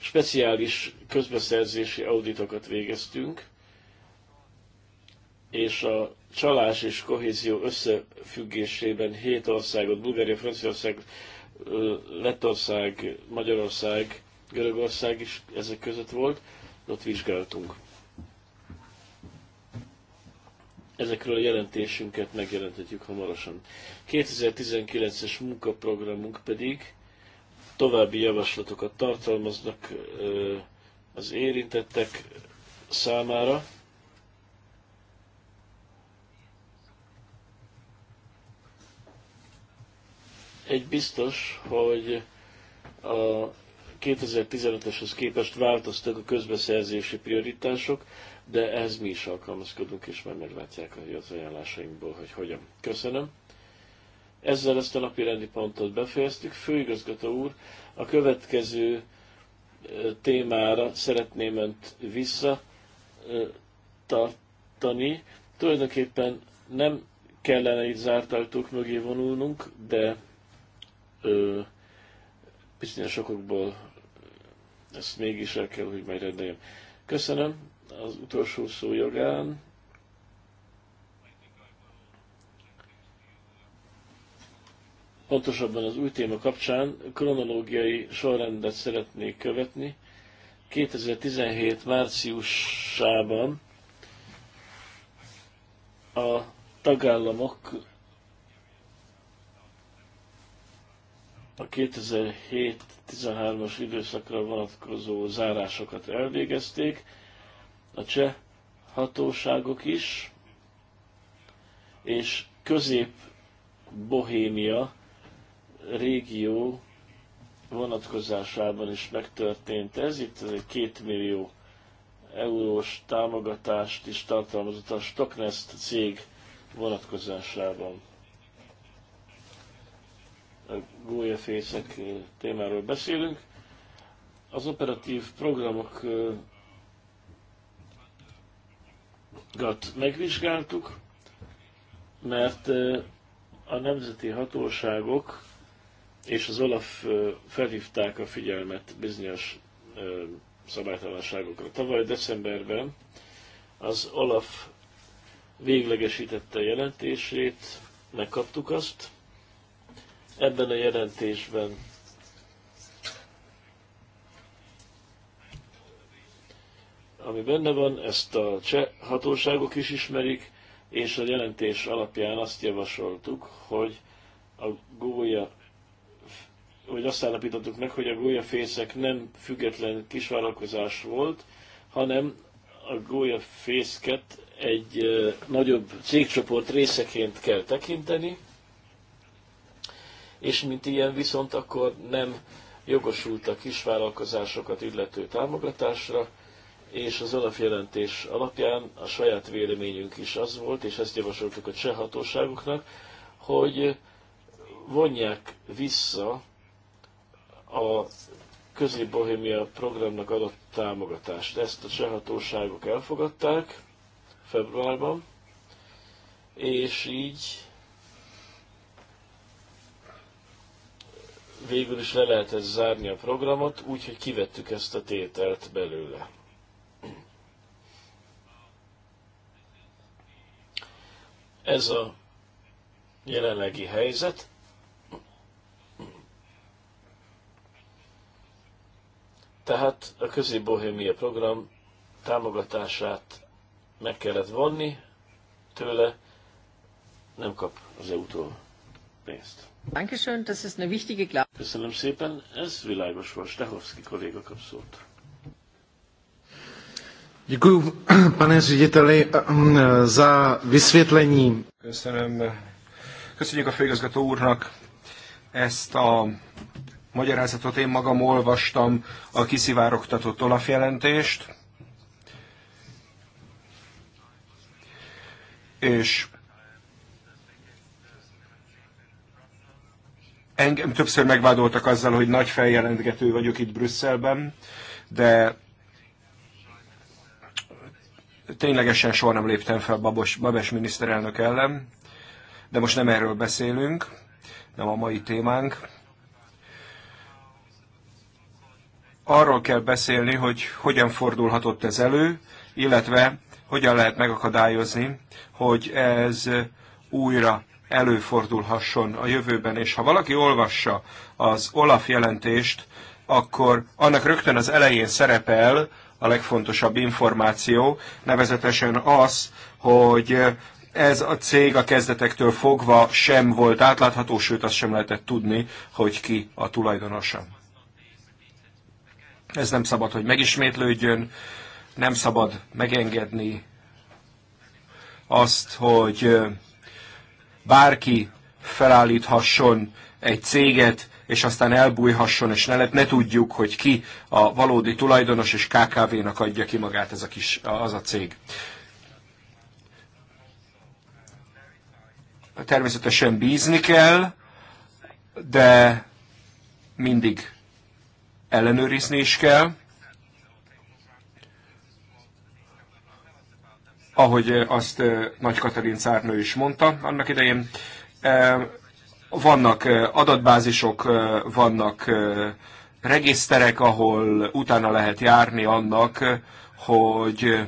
speciális közbeszerzési auditokat végeztünk, és a csalás és kohézió összefüggésében hét országot, Bulgária, Franciaország, Lettország, Magyarország, Görögország is ezek között volt, ott vizsgáltunk. Ezekről a jelentésünket megjelentetjük hamarosan. 2019-es munkaprogramunk pedig további javaslatokat tartalmaznak az érintettek számára Egy biztos, hogy a 2015-eshez képest változtak a közbeszerzési prioritások, de ez mi is alkalmazkodunk, és már meglátják jött ajánlásainkból, hogy hogyan. Köszönöm. Ezzel ezt a napi rendi pontot befejeztük. Főigazgató úr, a következő témára szeretném önt visszatartani. Tulajdonképpen nem kellene itt zárt ajtók mögé vonulnunk, de ö, bizonyos okokból ezt mégis el kell, hogy majd rendeljem. Köszönöm az utolsó szó jogán. Pontosabban az új téma kapcsán kronológiai sorrendet szeretnék követni. 2017 márciusában a tagállamok a 2007-13-as időszakra vonatkozó zárásokat elvégezték, a cseh hatóságok is, és közép-bohémia régió vonatkozásában is megtörtént ez. Itt ez egy két millió eurós támogatást is tartalmazott a Stocknest cég vonatkozásában gólyafészek eh, témáról beszélünk. Az operatív programokat eh, megvizsgáltuk, mert eh, a nemzeti hatóságok és az Olaf felhívták a figyelmet bizonyos szabálytalanságokra. Tavaly decemberben az Olaf véglegesítette jelentését, megkaptuk azt, ebben a jelentésben. Ami benne van, ezt a cseh hatóságok is ismerik, és a jelentés alapján azt javasoltuk, hogy a gólya hogy azt állapítottuk meg, hogy a gólyafészek nem független kisvállalkozás volt, hanem a gólyafészket egy nagyobb cégcsoport részeként kell tekinteni, és mint ilyen viszont akkor nem jogosult a kisvállalkozásokat illető támogatásra, és az Olaf jelentés alapján a saját véleményünk is az volt, és ezt javasoltuk a cseh hatóságoknak, hogy vonják vissza a Közép-Bohémia programnak adott támogatást. Ezt a cseh hatóságok elfogadták februárban, és így végül is le lehetett zárni a programot, úgyhogy kivettük ezt a tételt belőle. Ez a jelenlegi helyzet. Tehát a közép-bohémia program támogatását meg kellett vonni tőle, nem kap az eu pénzt. Dankeschön, das ist eine wichtige Köszönöm szépen, ez világos volt. Stehovszki kolléga kap szót. Děkuji, [CLEARS THROAT] pane řediteli, za vysvětlení. Köszönöm. Köszönjük a főigazgató úrnak ezt a magyarázatot. Én magam olvastam a kiszivárogtatott Olaf jelentést, és Engem többször megvádoltak azzal, hogy nagy feljelentgető vagyok itt Brüsszelben, de ténylegesen soha nem léptem fel Babos, Babes miniszterelnök ellen, de most nem erről beszélünk, nem a mai témánk. Arról kell beszélni, hogy hogyan fordulhatott ez elő, illetve hogyan lehet megakadályozni, hogy ez újra előfordulhasson a jövőben. És ha valaki olvassa az Olaf jelentést, akkor annak rögtön az elején szerepel a legfontosabb információ, nevezetesen az, hogy ez a cég a kezdetektől fogva sem volt átlátható, sőt azt sem lehetett tudni, hogy ki a tulajdonosa. Ez nem szabad, hogy megismétlődjön, nem szabad megengedni azt, hogy bárki felállíthasson egy céget, és aztán elbújhasson, és ne, ne tudjuk, hogy ki a valódi tulajdonos, és KKV-nak adja ki magát ez a kis, az a cég. Természetesen bízni kell, de mindig ellenőrizni is kell. ahogy azt Nagy Katalin cárnő is mondta annak idején. Vannak adatbázisok, vannak regiszterek, ahol utána lehet járni annak, hogy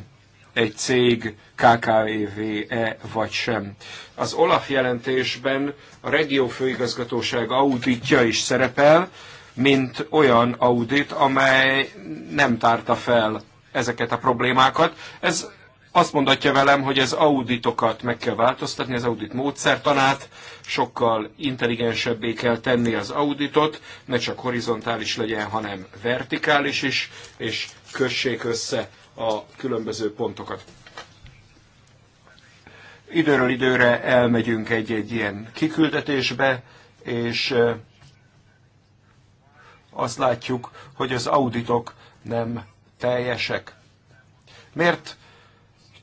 egy cég KKV-e vagy sem. Az Olaf jelentésben a regió Főigazgatóság auditja is szerepel, mint olyan audit, amely nem tárta fel ezeket a problémákat. Ez azt mondatja velem, hogy az auditokat meg kell változtatni, az audit módszertanát, sokkal intelligensebbé kell tenni az auditot, ne csak horizontális legyen, hanem vertikális is, és kössék össze a különböző pontokat. Időről időre elmegyünk egy-egy ilyen kiküldetésbe, és azt látjuk, hogy az auditok nem teljesek. Miért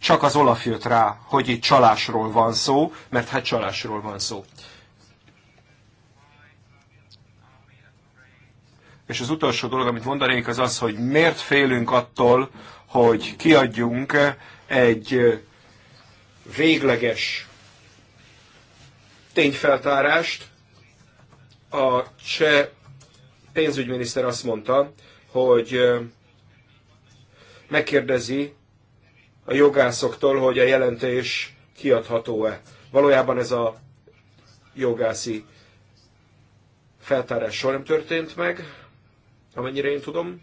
csak az Olaf jött rá, hogy itt csalásról van szó, mert hát csalásról van szó. És az utolsó dolog, amit mondanék, az az, hogy miért félünk attól, hogy kiadjunk egy végleges tényfeltárást. A cseh pénzügyminiszter azt mondta, hogy megkérdezi a jogászoktól, hogy a jelentés kiadható-e. Valójában ez a jogászi feltárás soha nem történt meg, amennyire én tudom.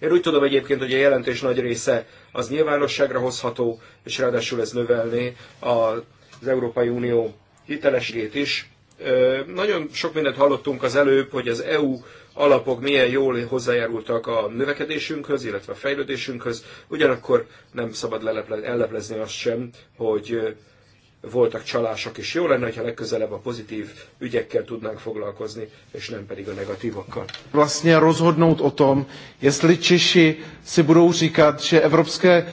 Én úgy tudom egyébként, hogy a jelentés nagy része az nyilvánosságra hozható, és ráadásul ez növelné az Európai Unió hitelességét is. Nagyon sok mindent hallottunk az előbb, hogy az EU alapok milyen jól hozzájárultak a növekedésünkhöz, illetve a fejlődésünkhöz. Ugyanakkor nem szabad leleple, elleplezni azt sem, hogy voltak csalások, és jó lenne, ha legközelebb a pozitív ügyekkel tudnánk foglalkozni, és nem pedig a negatívokkal. Vlastně rozhodnout o tom, jestli Češi si budou říkat, že evropské...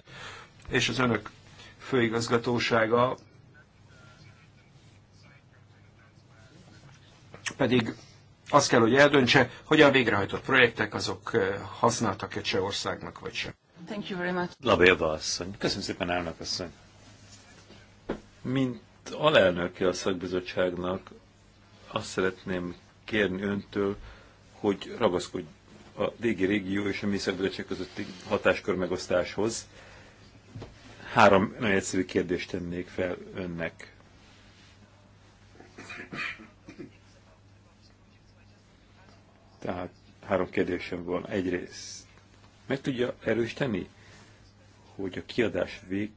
És az önök főigazgatósága pedig az kell, hogy eldöntse, hogy a végrehajtott projektek azok eh, használtak egy Csehországnak, vagy sem. Thank you very much. Labélva asszony. Köszönöm szépen, elnök asszony. Mint alelnöki a szakbizottságnak, azt szeretném kérni öntől, hogy ragaszkodj a régi régió és a mi szakbizottság közötti hatáskör megosztáshoz. Három nagyon egyszerű kérdést tennék fel önnek Tehát három kérdésem van. Egyrészt, meg tudja erősíteni, hogy a kiadás vég,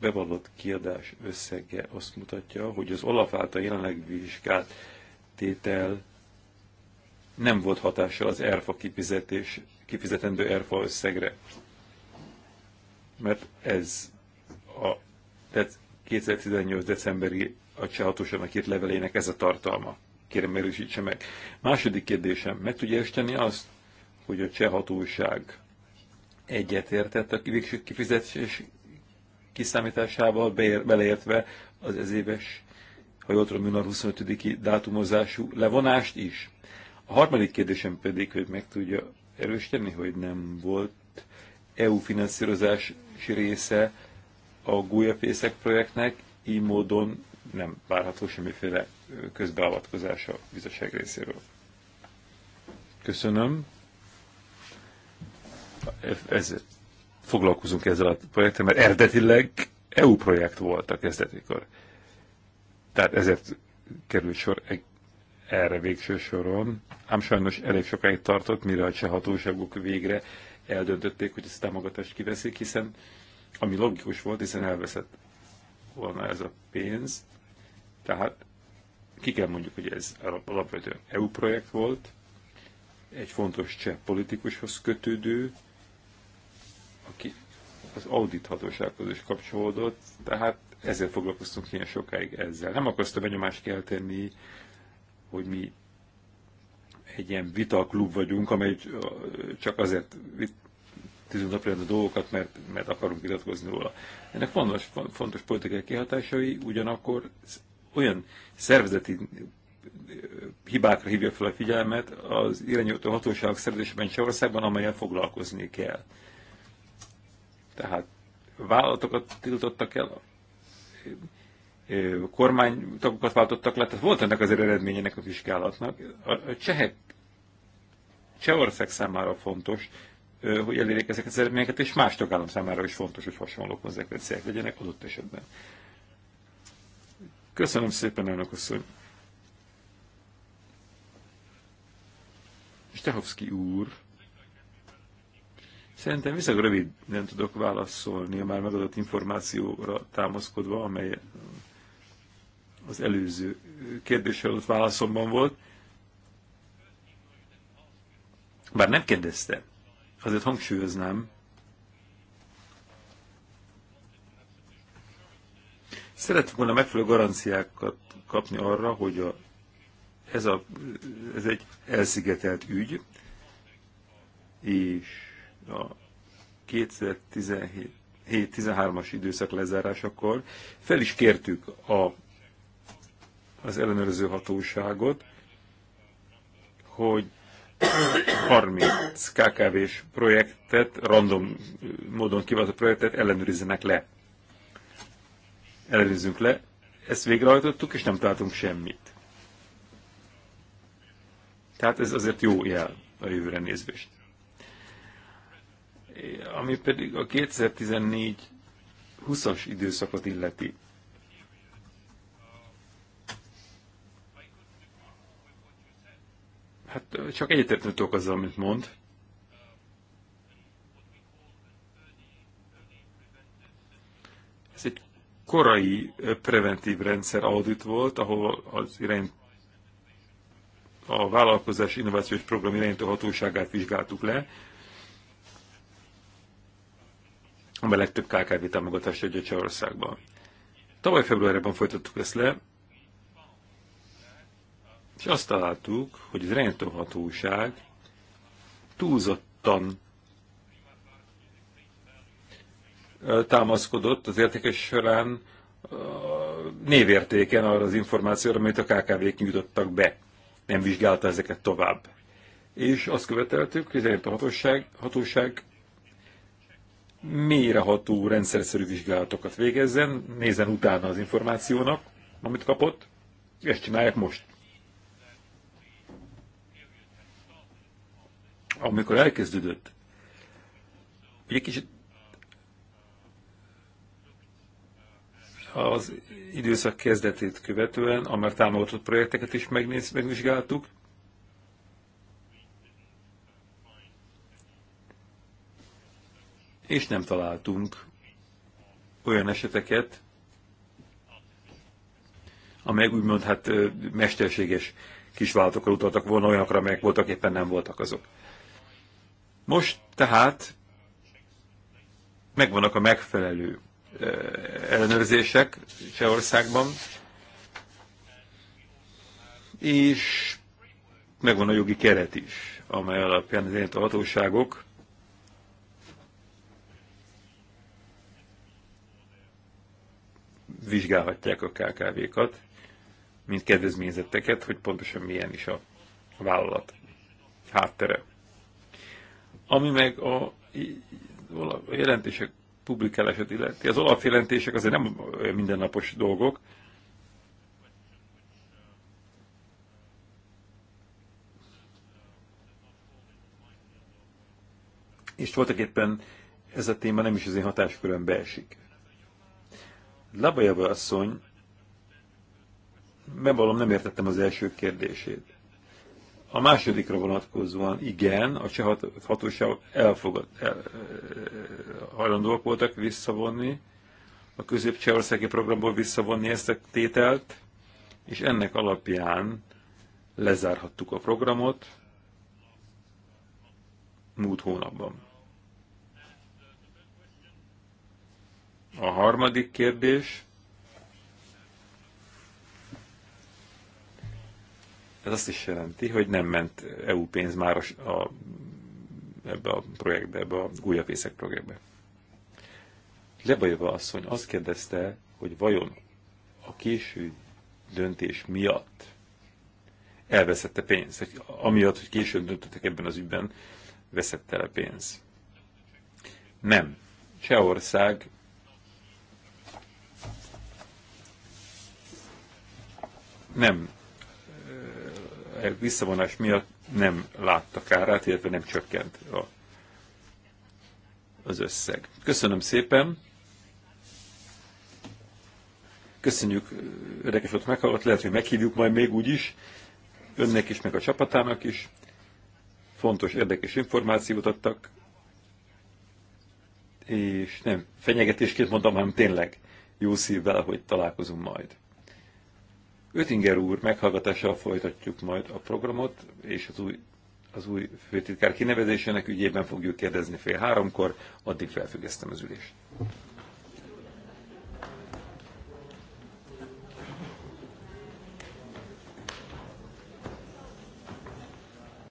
bevallott kiadás összege azt mutatja, hogy az Olaf által jelenleg vizsgált tétel nem volt hatása az ERFA kifizetés, kifizetendő ERFA összegre. Mert ez a tehát 2018. decemberi a csehatósanak írt levelének ez a tartalma kérem erősítse meg. Második kérdésem, meg tudja esteni azt, hogy a cseh hatóság egyetértett a végső kifizetés kiszámításával, beleértve az ezéves éves, ha jól tudom, 25-i dátumozású levonást is. A harmadik kérdésem pedig, hogy meg tudja erősíteni, hogy nem volt EU finanszírozási része a gólyafészek projektnek, így módon nem várható semmiféle közbeavatkozása a bizottság részéről. Köszönöm. Ez, foglalkozunk ezzel a projekttel, mert eredetileg EU projekt volt a kezdetikor. Tehát ezért került sor erre végső soron. Ám sajnos elég sokáig tartott, mire a cseh hatóságok végre eldöntötték, hogy ezt támogatást kiveszik, hiszen ami logikus volt, hiszen elveszett volna ez a pénz, tehát ki kell mondjuk, hogy ez alapvetően EU projekt volt, egy fontos cseh politikushoz kötődő, aki az audithatósághoz is kapcsolódott, tehát ezzel foglalkoztunk ilyen sokáig ezzel. Nem akartam benyomást kelteni, hogy mi egy ilyen vitaklub vagyunk, amely csak azért tűzünk a a dolgokat, mert, mert akarunk vitatkozni róla. Ennek fontos, fontos politikai kihatásai, ugyanakkor olyan szervezeti hibákra hívja fel a figyelmet az irányító hatóságok szervezésében Csehországban, amelyen foglalkozni kell. Tehát vállalatokat tiltottak el, kormánytagokat váltottak le, tehát volt ennek az eredményének a vizsgálatnak. A csehek, Csehország számára fontos, hogy elérjék ezeket az eredményeket, és más tagállam számára is fontos, hogy hasonló konzekvenciák legyenek adott esetben. Köszönöm szépen, elnök asszony. Stehovski úr, szerintem viszont rövid nem tudok válaszolni a már megadott információra támaszkodva, amely az előző kérdés előtt válaszomban volt. Bár nem kérdezte, azért hangsúlyoznám, Szerettük volna megfelelő garanciákat kapni arra, hogy a, ez, a, ez egy elszigetelt ügy, és a 2017-13-as időszak lezárásakor fel is kértük a, az ellenőrző hatóságot, hogy 30 KKV-s projektet, random módon kiválasztott projektet ellenőrizzenek le ellenőrizzünk le, ezt végrehajtottuk, és nem találtunk semmit. Tehát ez azért jó jel a jövőre nézvést. Ami pedig a 2014-20-as időszakot illeti. Hát csak egyetértő tudok azzal, amit mond. korai preventív rendszer audit volt, ahol az irány a vállalkozás innovációs program irányító hatóságát vizsgáltuk le, amely legtöbb KKV támogatást adja Csehországban. Tavaly februárban folytattuk ezt le, és azt találtuk, hogy az irányító hatóság túlzottan támaszkodott az értékes során névértéken arra az információra, amit a KKV-k nyújtottak be. Nem vizsgálta ezeket tovább. És azt követeltük, hogy a hatóság, hatóság mélyreható rendszerszerű vizsgálatokat végezzen, nézen utána az információnak, amit kapott, és ezt csinálják most. Amikor elkezdődött, egy kicsit az időszak kezdetét követően, a már támogatott projekteket is megnéz, megvizsgáltuk. És nem találtunk olyan eseteket, amelyek úgymond hát mesterséges kisvállalatokkal utaltak volna olyanokra, amelyek voltak éppen nem voltak azok. Most tehát megvannak a megfelelő Eh, ellenőrzések Csehországban, és megvan a jogi keret is, amely alapján az a hatóságok vizsgálhatják a KKV-kat, mint kedvezményezetteket, hogy pontosan milyen is a vállalat háttere. Ami meg a, a jelentések publikálását illeti. Az alapjelentések azért nem mindennapos dolgok. És voltak éppen ez a téma nem is az én hatáskörömbe esik. Labajava asszony, megvallom, nem értettem az első kérdését. A másodikra vonatkozóan igen, a cseh hatóság elfogad, el, eh, hajlandóak voltak visszavonni, a közép programból visszavonni ezt a tételt, és ennek alapján lezárhattuk a programot múlt hónapban. A harmadik kérdés Ez azt is jelenti, hogy nem ment EU pénz már a, a, ebbe a projektbe, ebbe a újabb észek projektbe. Lebajova asszony azt kérdezte, hogy vajon a késő döntés miatt elveszette pénz, hogy amiatt, hogy később döntöttek ebben az ügyben, veszett el a pénz. Nem. Csehország nem visszavonás miatt nem látta kárát, illetve nem csökkent a, az összeg. Köszönöm szépen! Köszönjük, érdekes volt meghallgat, lehet, hogy meghívjuk majd még úgy is, önnek is, meg a csapatának is. Fontos, érdekes információt adtak, és nem fenyegetésként mondom, hanem tényleg jó szívvel, hogy találkozunk majd. Ötinger úr meghallgatással folytatjuk majd a programot, és az új, az új főtitkár kinevezésének ügyében fogjuk kérdezni fél háromkor, addig felfüggesztem az ülést.